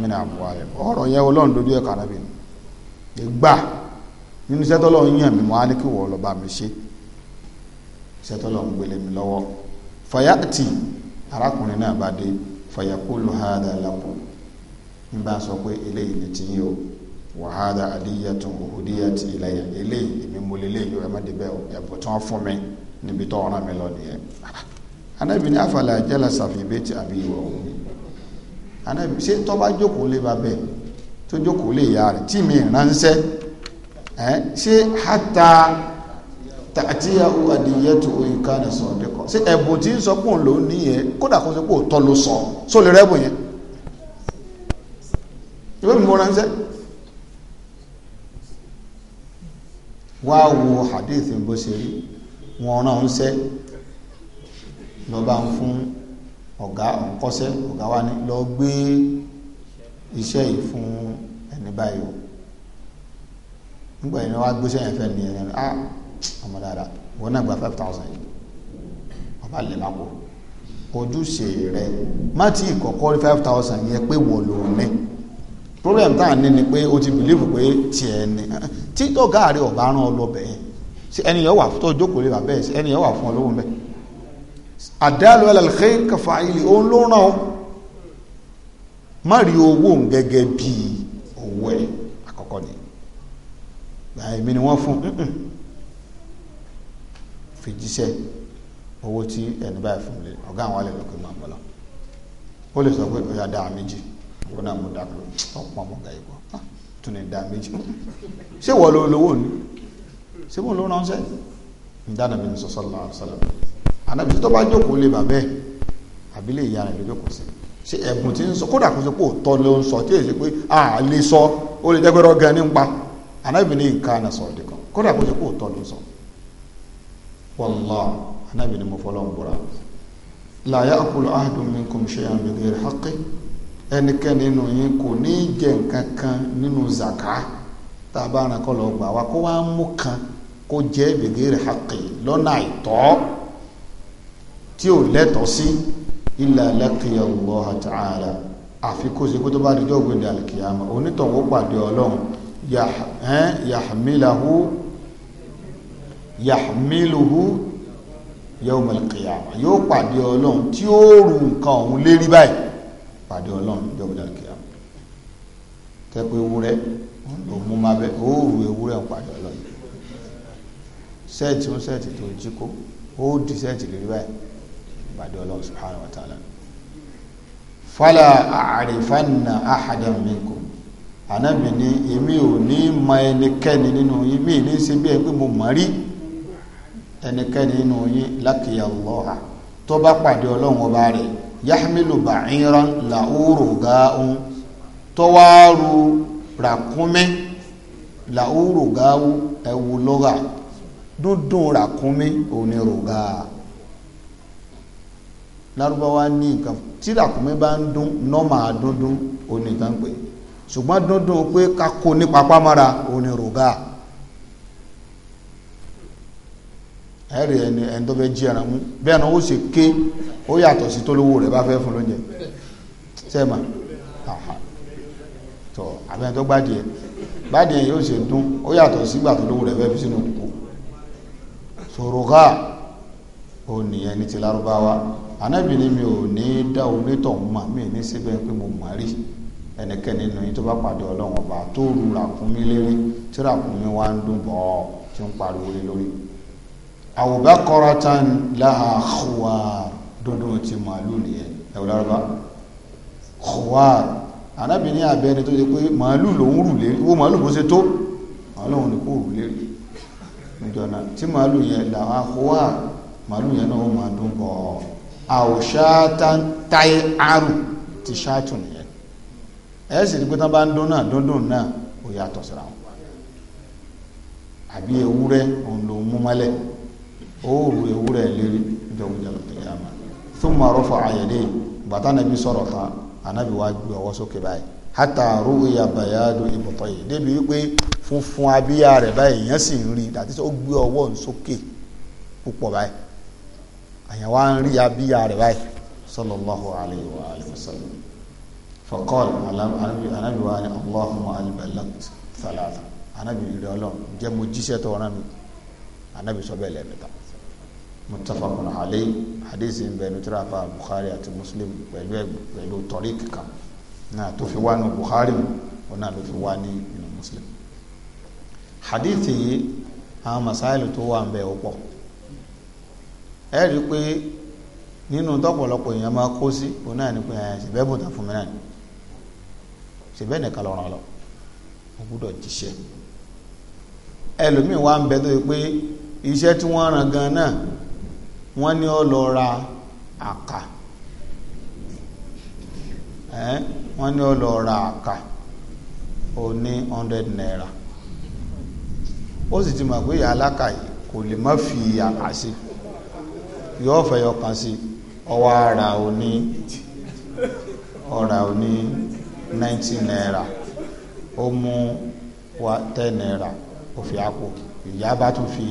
mina amwalihim ọ̀rọ̀ yẹn Ọlọ́run dojú ẹ̀ níbi ni gbà nínú iṣẹ́ tọ́lọ́ ń yàn mí mọ́ á ní kí wọ́n lọ bá mi ṣe iṣẹ́ tọ́lọ́ ń gbélé mi lọ́wọ́ fayati arákùnrin náà bá dé fayakulu hada lakum ń bá sọ pé eléyìí ni tiyín o wàhádà àdíyàtún òhùdíyàtì ìlàyà eléyìí èmi mo lè léyìí ẹ má débẹ̀ o ẹ̀bùn tí wọ́n fún mi níbi tó ọ̀ràn mi lọ nìyẹn anábì ní afàlẹ̀ àjẹlà sàfihàn bẹ́ẹ̀ ti àbí ìwọ̀ tó jókòó lè ya rẹ̀ tí mi ránṣẹ́ ẹ̀ ṣé hátà tàtíyà adìyẹ tó nǹka ní sọ̀dẹ̀ kan ṣé ẹ̀bùn tí ń sọ pò ń lò ní yẹn kódà kó ṣe pò tọ́ ló sọ só lè rẹ́bùn yẹn ìwé mi mo ránṣẹ́ wá wo hadith bó ṣe rí wọn ránṣẹ́ lọ bá ń fún ọ̀gá ọ̀nkọ́ṣẹ́ ọ̀gá wa ní lọ gbé iṣẹ́ yìí fún ẹni báyìí o nígbà yìí ni wọ́n gbé sẹ́yìn fẹ́ ni ẹni ah ọmọ dáadáa wọ́n náà gba five thousand yìí ọba lè má kó ojúṣe rẹ má tí ìkọ̀kọ́ rí five thousand yẹn pé wọ́n ló ní problem tá à ní ni pé o ti bìlífù pé tiẹ̀ ni tí ọ̀gá rẹ ọ̀bá rán ọ lọ bẹ̀yẹn ṣé ẹni yẹn wà tó jókòó lè wà bẹ́ẹ̀ ṣé ẹni yẹn wà fún ọ lówó mẹ́ àdálù ẹlẹ́lẹ́kẹ́ kàfà ilé òun ló ràn ọ́ má rí owó gẹ́gẹ́ bíi owó ẹ̀ àkọ́kọ́ ni èmi ni wọ́n fún fi jíṣẹ́ owó tí ẹni báyìí fún mi ọ̀gá àwọn alẹ́ lọ́kọ̀ máa mọ́ lọ ó lè sọ pé ó yà dáa méjì wọn náà mo dáa ọ̀pọ̀ ọmọ ọ̀gá ìbọn ah, tún ní dáa méjì ṣé wọ́n lo olówó ni ṣé wọ́n lo ránṣẹ́ ìdáná mi ní sallallahu alaihi wasallam ànábìsí tó bá jókòó lè bàbẹ́ àbílẹ̀ ìyá rẹ̀ lójókòó sí i ṣe ẹ̀gùn tí ń sọ kódà kó ṣe pé òótọ́ ló ń sọ tí èyí ṣe pé a lè sọ ó lè dẹ́gbẹ́rọ́ gan ní pa anábì ní nǹkan àná sọ̀rọ̀ dìkan kódà kó ṣe pé òótọ́ ló ń sọ. wàllá anábì ní mo fọlọ́ ń bọ̀ra la ya'kulu ahadun minkum shay'an bighayri haqqi ẹnikẹ́ni nínú yín kò ní jẹ nǹkan kan nínú zaka tá a bá ara kọ́ lọ gbà wá kó wá mú kan kó jẹ́ bighayri haqqi lọ́nà àìtọ́ tí ò lẹ́tọ̀ọ́ sí. Si illa laqiya Allah ta'ala àfi kó ṣe kó tó bá di jọ́ gbèdé alkiyama onítọ̀hún ó pàdé ọlọ́run yahmilahu yahmiluhu yawm alkiyama yóò pàdé ọlọ́run tí ó rù nǹkan ọ̀hún lérí báyìí pàdé ọlọ́run jọ́ gbèdé alkiyama tẹ́pẹ́ ewúrẹ́ òun máa bẹ ó rù ewúrẹ́ pàdé ọlọ́run sẹ́ẹ̀tì ń sẹ́ẹ̀tì tó jí kó ó di sẹ́ẹ̀tì lérí báyìí ìpàdé ọlọ́run subhanahu wa ta'ala fala àrífànà ahadan minkum ànábì ni èmi ò ní mọ ẹnikẹ́ni nínú yín mí ní ṣe bí ẹ pé mo mọ̀ rí ẹnikẹ́ni nínú yín laqiya Allah tó bá pàdé ọlọ́run ọba rẹ̀ yahmilu ba'iran làúrò gáún tó wá ru ràkúnmí làúrò gáún ẹ̀wù lọ́gà dúndùn ràkúnmí òní rògáà lárúbáwá ní nǹkan tí làkúnmí bá ń dún nọ́mà dúndún òní ìtàn pé ṣùgbọ́n dúndún pé kákó ní papámọ́ra òní rògá ẹ̀rì ẹni ẹni tó fẹ́ jí ẹran mú bẹ́ẹ̀ náà ó ṣe ké ó yàtọ̀ sí tólówó rẹ̀ bá fẹ́ fún lóúnjẹ sẹ́ẹ̀mà tọ́ àbẹ́ni tó gbádìí ẹ̀ gbádìí ẹ̀ yóò ṣe dún ó yàtọ̀ sígbà tólówó rẹ̀ fẹ́ fi sínú kòkó sòrògá ó nìyẹn ní ti lárúbáwá anábìnrin mi ò ní dá onítọ̀ mọ̀ mí ní síbẹ̀ pé mo mọ̀ rí ẹnikẹ́ni nínú yín tó bá pàdé ọlọ́run ọba tó ru ràkúnmí lérí tí ràkúnmí wá ń dùn bọ́ ọ tí ń pariwo lé lórí. àwòbá kọ́ra tán láha xuwa dúndùn ti màálù nìyẹn ẹ̀wọ̀n lárúbá xuwa anábìnrin abẹ́ni tó ṣe pé màálù lòún rù lérí wo màálù bó ṣe tó màálù òun ni kò rù lérí níjọ náà tí màálù yẹn làwọn xuwa màálù yẹn náà ó máa dún bọ̀ àwòṣá táyé àrù ti ṣáàtù nìyẹn ẹ sì rí pé tán bá ń dún náà dúndùn náà ó yàtọ̀ síra wọn àbí ewúrẹ́ òun ló mú mọ́lẹ̀ ó rù ewúrẹ́ lérí nítorí ìjọba tẹ̀yà máa fún màrọ́ fọ àyẹ̀dẹ́ bàtà nàbí sọ̀rọ̀ tán ànábì wá gbé ọwọ́ sókè báyìí hata ruya bayadu ibùtọ̀ yìí débi wípé funfun abíyá rẹ̀ báyìí èèyàn sì ń rí dàtí ó gbé ọwọ́ ń sókè púpọ̀ báyìí àyàn wa ń rí abíyá rẹ̀ báyìí sallallahu alayhi wa alihi wa sallam faqala anabi wa ni allahumma albalagh thalatha anabi rẹ Ọlọ́run jẹ́ mo jíṣẹ́ tó rán mi anabi sọ bẹ́ẹ̀ lẹ́ẹ̀mẹ́ta muttafaqun alayhi hadith ń bẹ nutura fa bukhari àti muslim pẹ̀lú pẹ̀lú tọrí kankan náà tó fi wá ní bukhari wọn náà ló fi wá ní inú muslim hadith yìí àwọn masáìlì tó wà ń bẹ ó pọ̀ e i pé nínú tọ́pọ̀lọpọ̀ èèyàn máa kó sí òun náà ni pé ẹ ṣẹ̀bẹ́ fún mi náà ni ṣẹ̀bẹ́ nìkan lọ́rọ̀ lọ ó gbúdọ̀ jíṣẹ́ ẹlòmíín wá ń bẹ tó yẹ pé iṣẹ́ tí wọ́n ràn gan náà wọ́n ní ọ lọ ra àkà wọ́n ní ọ lọ ra àkà ó hundred naira ó sì ti mọ̀ pé ìyá alaka kò lè má fi àkà yóò fẹyọ kan sí ọwọ́ ara òní ọ̀rà òní ninety naira ó mú wa ten naira ó fi àpò ìyá bá tún fi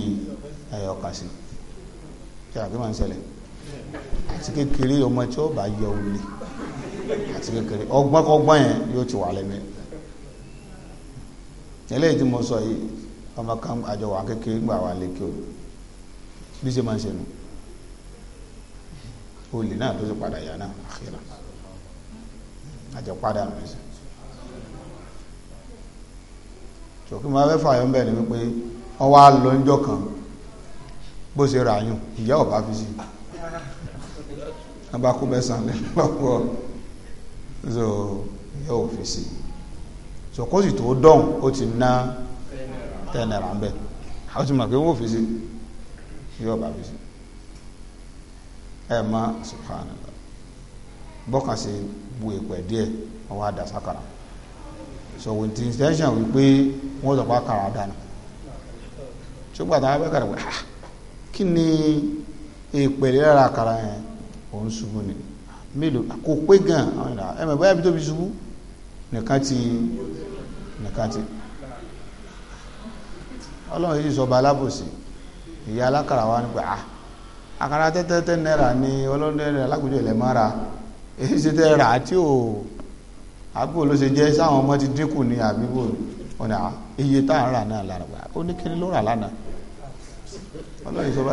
ẹyọ kan sí kí àbí máa ń ṣẹlẹ̀ àti kékeré ọmọ tí ó bá yọ òní àti kékeré ọgbọ́n kọ́gbọ́n yẹn yóò ti wà lẹ́mí eléyìí tí mo sọ yìí ọmọ kan àjọwà kékeré gbà wà lékè o bí ṣe máa ń ṣe nù olè náà ló sì padà yà náà àkìrà àjẹpadà nù ní sè tòkí mo fẹ́ fààyàn bẹ́ẹ̀ ni wípé ọwọ́ á lọ ńjọ kan bó ṣe rà yùn ìyá ọba fi sí abakú mẹ́sàn lẹ́nu lọ́pọ̀ so ìyá ò fi sí so kó sì tó dọ̀hún ó ti ná tẹ́nẹ̀rà ń bẹ̀ ó ti mọ̀ pé wọ́n ò fi sí ìyá ọba fi sí ẹ mọ subhanallah bọ́kàn sí bu ìpẹ́ díẹ̀ wọ́n wá dà sákàrà so with the intention wípé wọ́n sọ pé àkàrà dànù ṣùgbọ́n àtàwọn abẹ́ kàrà wẹ̀ ah kí ni ìpèlè lára àkàrà yẹn òun ṣubú ni mélòó kò pé gan àwọn ìlà ẹ mọ̀ bóyá ibi ṣubú nìkan ti nìkan ti ọlọ́run yìí sọ ọba alábòsí ìyá alákàrà wa nígbà ah àkàrà tẹ́tẹ́ ten ni ọlọ́dẹ alágbèjọ ilẹ̀ mara èyí ṣe tẹ́ rà tí ò àbúrò ló ṣe jẹ́ ti dínkù ní àbíbò ọ̀nà iye tá à ń rà náà lára ó ní ló rà lánàá ọlọ́run ìṣọba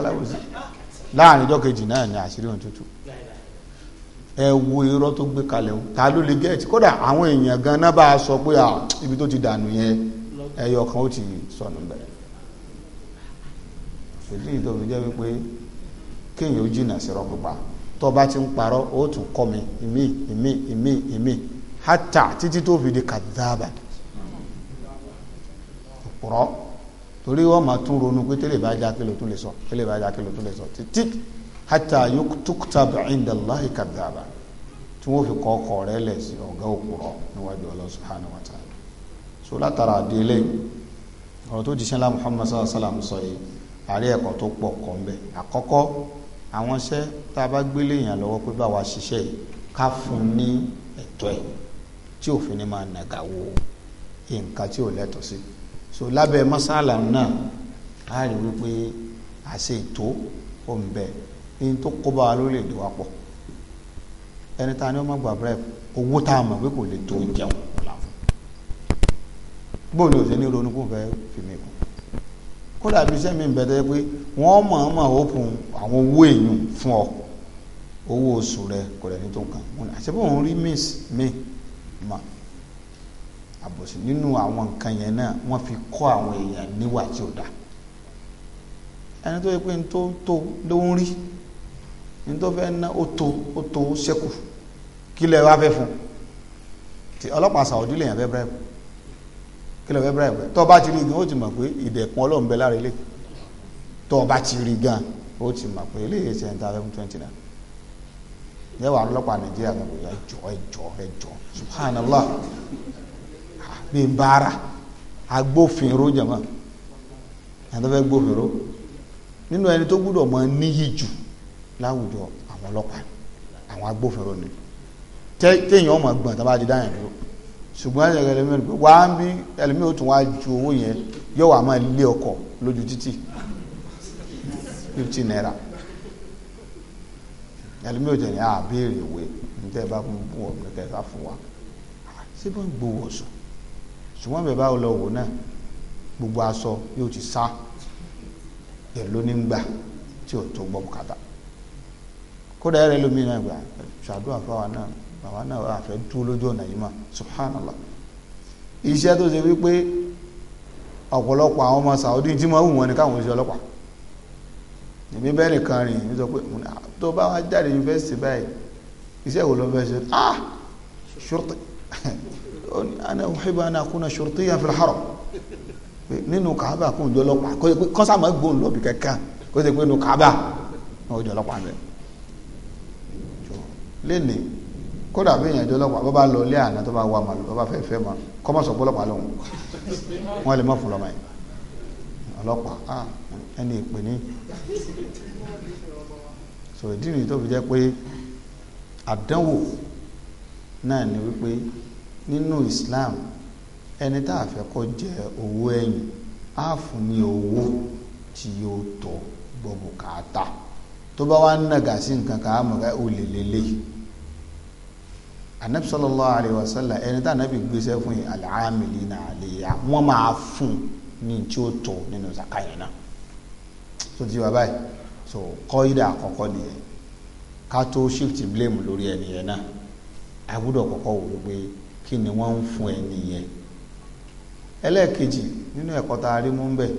láàrin ọjọ́ kejì náà ni àṣírí ohun tuntun ẹ o ta ló lè gẹ́ẹ̀tì kódà àwọn èèyàn gan bá a sọ pé ibi tó ti dànù yẹn ẹyọ kan ó ti sọnù bẹ̀rẹ̀ kéèyàn ó jìnnà sí irọ́ pípa tó o bá ti ń parọ́ o tún kọ́ mi ìmí ìmí ìmí ìmí hátà títí tó fi di kàdáàbà òpùrọ́ torí wọ́n máa tún ronú pé tẹ́lẹ̀ bá já kílò tún lè sọ tẹ́lẹ̀ bá já kílò tún lè sọ títí hátà yuktab indallahi kàdáàbà tí wọ́n fi kọ́ ọkọ̀ rẹ̀ lẹ̀ sí ọ̀gá òpùrọ̀ níwájú Allah subhanahu wa so látara délé ọ̀rọ̀ tó jíṣẹ́ lá Muhammad sallallahu sọ yìí àárẹ̀ ẹ̀kọ́ tó pọ̀ kọ́ ń bẹ àkọ́kọ́ àwọn iṣẹ́ tá a bá gbélé èèyàn lọ́wọ́ pé bá wa ṣiṣẹ́ yìí ká fún ní ẹ̀tọ́ ẹ̀ tí òfin ni máa nàgà wo nǹkan tí ò lẹ́tọ̀ọ́ sí so lábẹ́ mọ́sálà náà a rí wípé àṣẹ ètò ò ń bẹ ní tó kóbá wa lórí èdè wa pọ̀ ẹni tá a ní ọmọ gbà bref owó tá a mọ̀ pé kò lè tó jẹun bóun ni òṣèlú ronú kó fẹ́ fi mí kú kódà bí sẹ́mi ń bẹ̀rẹ̀ pé wọ́n mọ̀ ọ́n mọ̀ ó fún àwọn owó èèyàn fún ọ owó oṣù rẹ kò rẹ̀ ní tó kàn mo ní bóun rí miss mi ma àbòsí nínú àwọn nǹkan yẹn náà wọ́n fi kọ́ àwọn èèyàn níwà tí ò dá ẹni tó yẹ pé ní tó tó ló ń rí ní tó fẹ́ ná ó tó ó tó ṣẹ́kù kí lẹ wá fẹ́ fún ọlọ́pàá sàwọ́dí lèèyàn fẹ́ bẹ́ẹ̀ kí ló fẹ́ bẹ̀rẹ̀ pé tọ́ ọ bá ti rí gan ó ti mọ̀ pé ìdẹ̀kùn ọlọ́run bẹ lára ilé tọ́ ọ bá ti rí gan ó ti mọ̀ pé ilé yìí ṣe ń ta eleven twenty nine yẹ́wà ọlọ́pàá nàìjíríà ló wòye ẹjọ́ ẹjọ́ ẹjọ́ subhanallah ah, bí n bára agbófinró jama ẹni tó fẹ́ gbófinró nínú ẹni tó gbúdọ̀ mọ níyì jù láwùjọ àwọn ọlọ́pàá àwọn agbófinró ni téèyàn ọmọ gbọ̀n tó bá ti dáyàn dúró ṣùgbọ́n ẹ̀yẹ ẹlẹ́mìíràn pé wàá ń bí ẹlẹ́mìíràn ó tún wá ju owó yẹn yóò wá máa lé ọkọ̀ lójú títì fifty naira ẹlẹ́mìíràn jẹ̀ ní àbéèrè ìwé níta bá fún wọn kẹkẹ ká fún wa ṣé bá ń gbowó sùn ṣùgbọ́n bẹ́ẹ̀ bá lọ wò náà gbogbo aṣọ yóò ti sá ẹ̀ lóní tí ò tó gbọ́ bùkátà kódà ẹ̀rẹ́ lómi náà ṣàdúrà fáwa náà bàbá náà àfẹ́ dúró lójú ọ̀nà yìí mà subhanallah iṣẹ́ tó ṣe wípé ọ̀pọ̀lọpọ̀ àwọn ọmọ Saudi tí wọ́n wù wọn ni káwọn oṣù ọlọ́pàá èmi bẹ́ẹ̀ nìkan rìn ní sọ pé tó bá wá jáde yunifásitì báyìí iṣẹ́ wo ló fẹ́ ṣe ah ṣùrùtì ana òhìbá náà kúnna ṣùrùtì yẹn fil haram nínú kàábà kún ìjọ ọlọ́pàá kó ṣe pé kọ́sàmọ́ gbóhùn lọ́bì kankan kó ṣe pé nínú kàábà náà ó jọ ọlọ́pàá bẹ́ẹ̀ lẹ́nìí kódà bí èèyàn jọlọ́pàá bá bá lọ ilé àná tó bá wà màlúù tó bá fẹ́ fẹ́ ma kọ́ mọ̀ sọ pọ́lọ́pàá lòun wọ́n lè mọ̀ fún lọ́mọ yìí ọlọ́pàá ẹni ìpè ní so ìdí nìyí tó fi jẹ́ pé àdánwò náà ni wípé nínú Islam ẹni tá a fẹ́ kọ́ jẹ owó ẹ̀yìn á fún ní owó tí yóò tọ́ gbọ́ tó bá wá ń nàgà sí nǹkan kan á mọ̀ ká ó lè lélẹ́yìí anabi sallallahu alayhi wa sallam ẹni tí anabi gbèsè fún yìí alaamili na aleya wọn máa fún ní tí ó tó nínú zaka yẹn náà so ti wá báyìí so kọ́ídà àkọ́kọ́ nìyẹn ká tó shift blame lórí ẹni yẹn náà a gbọ́dọ̀ kọ́kọ́ wò pé kí ni wọ́n ń fún ẹni yẹn ẹlẹ́ẹ̀kejì nínú ẹ̀kọ́ tá a rí mú bẹ́ẹ̀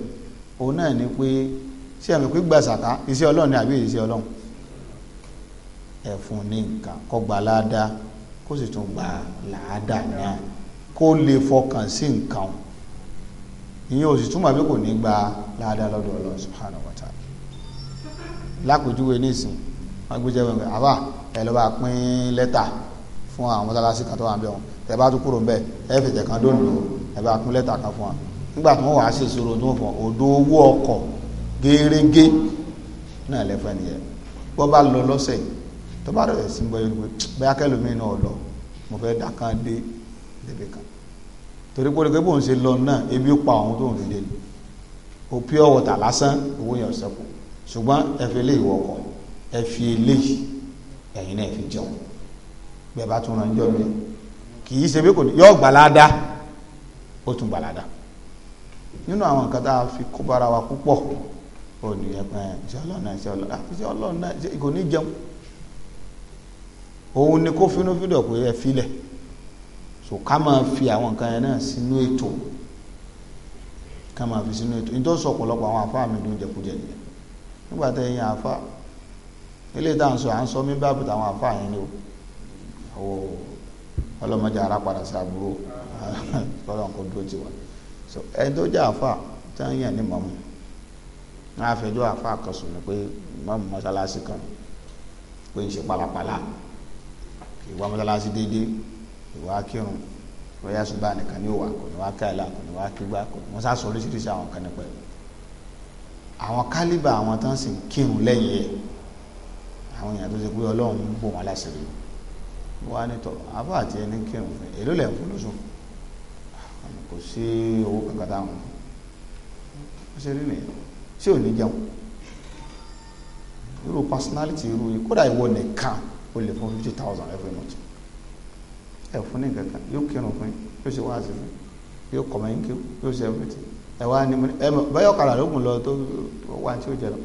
òun náà ni pé ṣé àmì pé gba zaka iṣẹ́ ọlọ́run ni àbí iṣẹ́ ọlọ́run ẹ̀fún ní nǹkan kọ́ kó sì tún gba làádà náà kó lè fọkàn sí nǹkan ìyẹn ò sì túmọ̀ pé kò ní gba làádà lọ́dọ̀ Ọlọ́run subhanahu wa ta'ala lákòójúwe nísìn wọn gbé jẹ́ wẹ̀ngẹ̀ àbá ẹ lọ́ bá pín lẹ́tà fún àwọn mọ́tàlásì kan tó wà ń bẹ̀ wọn ẹ bá tún kúrò ń bẹ̀ ẹ fìtẹ̀ kan dóńdó ẹ bá pín lẹ́tà kan fún wa nígbà tí wọ́n wàá ṣe ìṣòro tó ń fọ òdo owó ọkọ̀ gẹ́gẹ́ náà lẹ́fọ́ ẹnìyẹn bọ́ bá lọ lọ́sẹ̀ yìí tó bá rẹ̀ sí gbọ́ yóò bẹ́yà kẹlòmíín náà lọ mo fẹ́ dákan dé débì kan torí pé olùkọ́ bóun ṣe lọ náà ebi ó pa òun tóun fi dé ni o pure water lásán owó yẹn ṣẹ́kù ṣùgbọ́n ẹ fi eléyìí wọkọ̀ ẹ fi eléyìí ẹ̀yin náà fi jẹun bẹ́ẹ̀ bá tún ra ń jọ mi kì í ṣe bí kò ní yọ gbàládá ó tún gbàládá nínú àwọn nǹkan tá a fi kó bara wa púpọ̀ ò ní pẹ́ ṣé ọlọ́run náà ṣe ọlọ́run náà ṣe ọlọ́run ní jẹun. òun ni kó fínúfíndọ̀ pé ẹ filẹ̀ so ká máa fi àwọn nǹkan yẹn náà sínú ètò ká máa fi sínú ètò tó sọ ọ̀pọ̀lọpọ̀ àwọn àfáà mi dùn jẹkújẹ nìyẹn nígbà tẹ ẹyin a ilé tá à à ń sọ mí báàbù yẹn ni o ọlọmọdé ara padà sí àbúrò dúró tiwa so ẹni tó jẹ́ ń yàn ní mọ́mú fẹjọ́ kan sùn ní pé mọ́mú ìwà mọ́tàlásí déédéé ìwà kírun lọ́yà ṣùgbọ́n nìkan ní òwà kò ní wá káyàlà kò ní wá kígbà kò ní wọ́n sàṣọ oríṣiríṣi àwọn kan nípa ẹ̀ àwọn kálíbà àwọn tó ń sìn kírun lẹ́yìn ẹ̀ àwọn èèyàn tó ṣe pé ọlọ́run ń bò wọn láṣìírí wọ́n á ní tọ́ àti ẹni kírun fún èló lẹ̀ ń fún lóṣù kò sí owó kankan táwọn ó ṣe rí nìyẹn ṣé ò ní jẹun irú personality irú yìí kódà ìwọ nìkan o lè fún fifty thousand every month ẹ fún ní nǹkan kan yóò kírun fún yóò ṣe wáàsí fún yóò kọ̀mọ̀ yín kí yóò ṣe everything ẹ wá ní ẹ mọ báyọ̀ kàrà lókun lọ tó wá tí ó jẹ lọ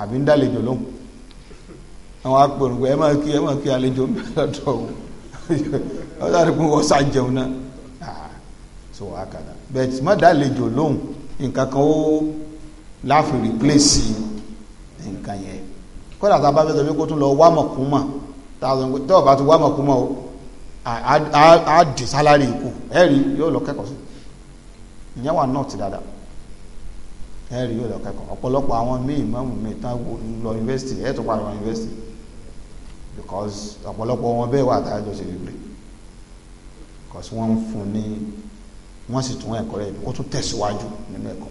àbí ń dálejò lóhùn àwọn akpọ̀rùn pé ẹ máa kí ẹ máa kí àlejò ń bẹ̀rẹ̀ lọ́dọ̀ o ọ sáré kún wọ́n sá jẹun náà so akada bẹ́ẹ̀ má dálejò lóhùn nǹkan kan ó láfi replace nǹkan yẹn kódà tá a bá fẹ́ sọ pé kó tún lọ wá mọ̀kúmọ̀ tá a sọ pé tọ́ọ̀ bá ti wá mọ̀kúmọ̀ o á dì sálárì ikú ẹ̀rí yóò lọ kẹ́kọ̀ọ́ sí ìyẹn wà náà ti dáadáa ẹ̀rí yóò lọ kẹ́kọ̀ọ́ ọ̀pọ̀lọpọ̀ àwọn míì mọ́mù mi tán lọ yunifásitì ẹ̀ tó parí wọn yunifásitì because ọ̀pọ̀lọpọ̀ wọn bẹ́ẹ̀ wà táyà jọ ṣe rèé because wọ́n ń fún ní wọ́n sì tún ẹ̀kọ́ rẹ̀ ó tún tẹ̀síwájú nínú ẹ̀kọ́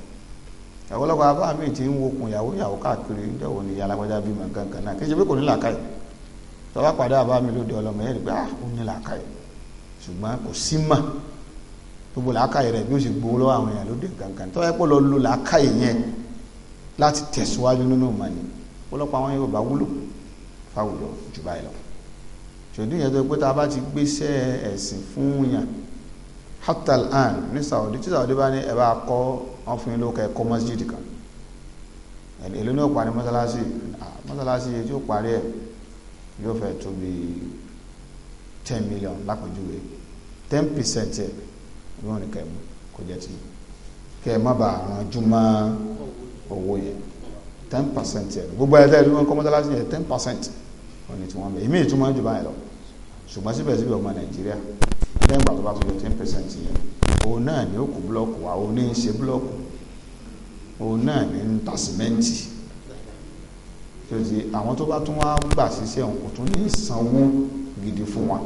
ọ̀pọ̀lọpọ̀ afá mi ti ń wokùn ìyàwó ìyàwó káàkiri ìjọwọ́ ni alágbájá bímọ gangan náà kí n ṣe pé kò ní làákàyè tọ́wọ́ padà afá mi lóde ọlọmọ yẹn rí pé ah ó ní làákàyè ṣùgbọ́n kò sí mà gbogbo làákàyè rẹ̀ bí ó sì gbowó lọ́wọ́ àwọn èèyàn lóde gangan tọ́wọ́ ẹ̀pọ̀ lọ lo làákàyè yẹn láti tẹ̀síwájú nínú ìmọ̀ni ọ̀pọ̀lọpọ̀ àwọn Yorùbá wúlò fáwùjọ jù báyìí lọ an ní Saudi tí Saudi bá ní wọ́n fún yín ló kẹ́ kọ́ masjid kan èlò ní òparí mọ́sálásí mọ́sálásí tí ó parí ẹ̀ yóò fẹ́ tó bí ten million lápèjúwe ten percent ẹ̀ yóò ní kẹ́mú kó jẹ́ ti kẹ́ má bà àwọn júmọ́ owó yẹn ten percent ẹ̀ gbogbo ẹ̀ tẹ́lẹ̀ ní kọ́ mọ́sálásí ten percent wọ́n ní tí wọ́n bẹ̀ èmi ìtumọ̀ jù báyìí lọ ṣùgbọ́n síbẹ̀síbẹ̀ ọmọ Nàìjíríà lẹ́yìn ìgbà bá tó yọ ten percent yẹn òun náà ní ó kó búlọ́ọ̀kù wá òun ní í ṣe búlọ́ọ̀kù òun náà ní ń ta sìmẹ́ǹtì àwọn tó bá tún wá gbà síṣẹ́ òun kò tún ní ìsanwó gidi fún wa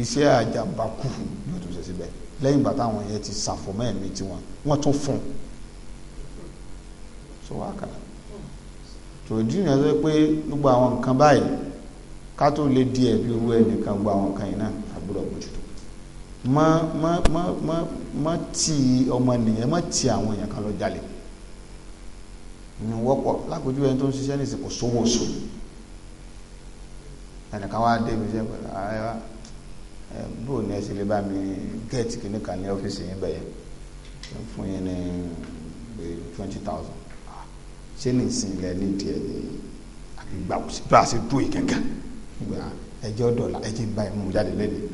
iṣẹ́ àjàmbákù ni ó tún ṣe síbẹ̀ lẹ́yìn ìgbà táwọn yẹn ti ṣàfọ̀mọ́ ẹ̀mí tiwọn wọ́n tún fún un tó wá kàlà tòdí yẹn sọ pé gbogbo àwọn nǹkan báyìí ká tó lè di ẹ̀bi ru ẹnìkan gbogbo àwọn nǹkan yìí náà àgbọ̀dọ̀ bójútó ma ma ma ma ma ti ọmọnìyàn mọ́ ti àwọn èèyàn kan lọ jalè ní wọ́pọ̀ lápòjú ẹni tó ń ṣiṣẹ́ nìsín kò sówó oṣù ẹnìkan wá dé ibi iṣẹ́ pẹ̀lú ààrẹ bóò ní ẹsẹ̀ lè bá mi gẹ́ẹ̀tì kìíní kan ní ọ́fíìsì yín bẹ̀yẹn fún yín ní twenty thousand ah, ṣé nìsín ilẹ̀ ní ìdí ẹ̀ ní àgbègbè àwòṣe bá a ṣe dúró ìkẹ́kẹ́ ẹjẹ́ ọ̀dọ̀ la ẹjẹ́ ń bá ẹ̀ mú jáde lẹ́nu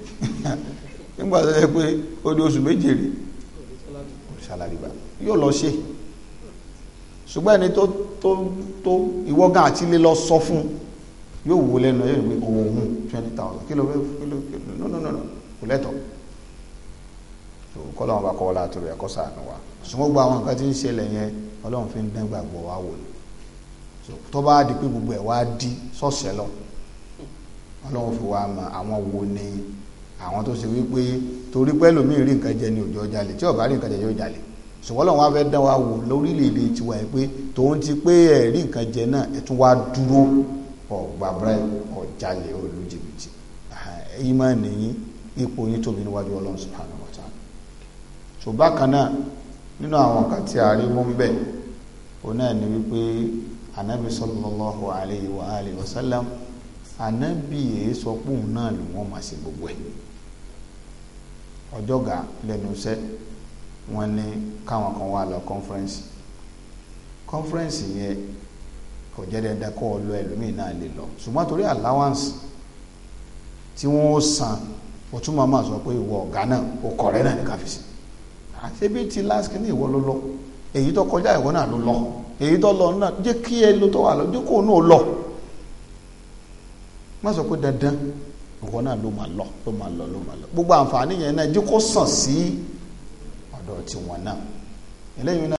nígbà tó yẹ pé ó di oṣù méje rè ṣàlàrìbà yóò lọ ṣe ṣùgbọ́n ẹni tó tó tó ìwọ́gán àti ilé lọ sọ fún yóò wò lẹ́nu yóò wí òun twenty thousand kí ló fẹ́ kí ló kí no no no kò lẹ́tọ̀ tó kọ́ lọ́wọ́n bá kọ́ wọlé àtúrò ẹ̀kọ́ sàánú wa ṣùgbọ́n gbogbo àwọn nǹkan tí ń ṣẹlẹ̀ yẹn ọlọ́run fi ń dán gbàgbọ́ wa wò ni tó bá di pé gbogbo ẹ̀ wá di sọ́ọ̀ṣẹ́ lọ ọlọ́run fi wá mọ àwọn wo ni àwọn tó ṣe wípé torí pé ẹlòmíì rí nǹkan jẹ ní òjò jalè tí ọba rí nǹkan jẹ yóò jalè ṣùgbọ́n lọ́wọ́ wa fẹ́ dán wa wò lórílẹ̀‐èdè tiwa yìí pé tòun ti pé ẹ̀rí nǹkan jẹ náà ẹ̀ tún wá dúró ọ̀gbà bribe ọ̀jalè olú jìbìtì èyí máa nìyí ipò yín tóbi níwájú ọlọ́run subhanahu wa ta'ala ṣùgbọ́n kan náà nínú àwọn kan tí a rí mú bẹ́ẹ̀ òun náà ni wípé anabi sallallahu alayhi wa alihi wa sallam anabi sọ pé òun náà ló wọ́n máa ṣe gbogbo ẹ̀ ọjọ́gà lẹ́nu iṣẹ́ wọ́n ní káwọn kan wá lọ kọ́nfẹ́rẹ́nsì kọ́nfẹ́rẹ́nsì yẹn kò jẹ́ dandan kó o lọ ẹlòmíì náà lè lọ ṣùgbọ́n torí allowance tí wọ́n ó san o tún máa ma sọ pé ìwọ ọ̀gá náà o kọ̀rẹ́ náà ní káfíìsì àṣebí ti láṣkì ní ìwọ ló lọ èyí tó kọjá ìwọ náà ló lọ èyí tó lọ náà jẹ́ kí ẹ ló tó wà lọ jẹ́ kó o náà lọ má sọ pé dandan ìwọ náà ló máa lọ ló máa lọ ló máa lọ gbogbo àǹfààní yẹn náà jí kó sàn sí ọ̀dọ̀ tiwọn náà eléyìí náà.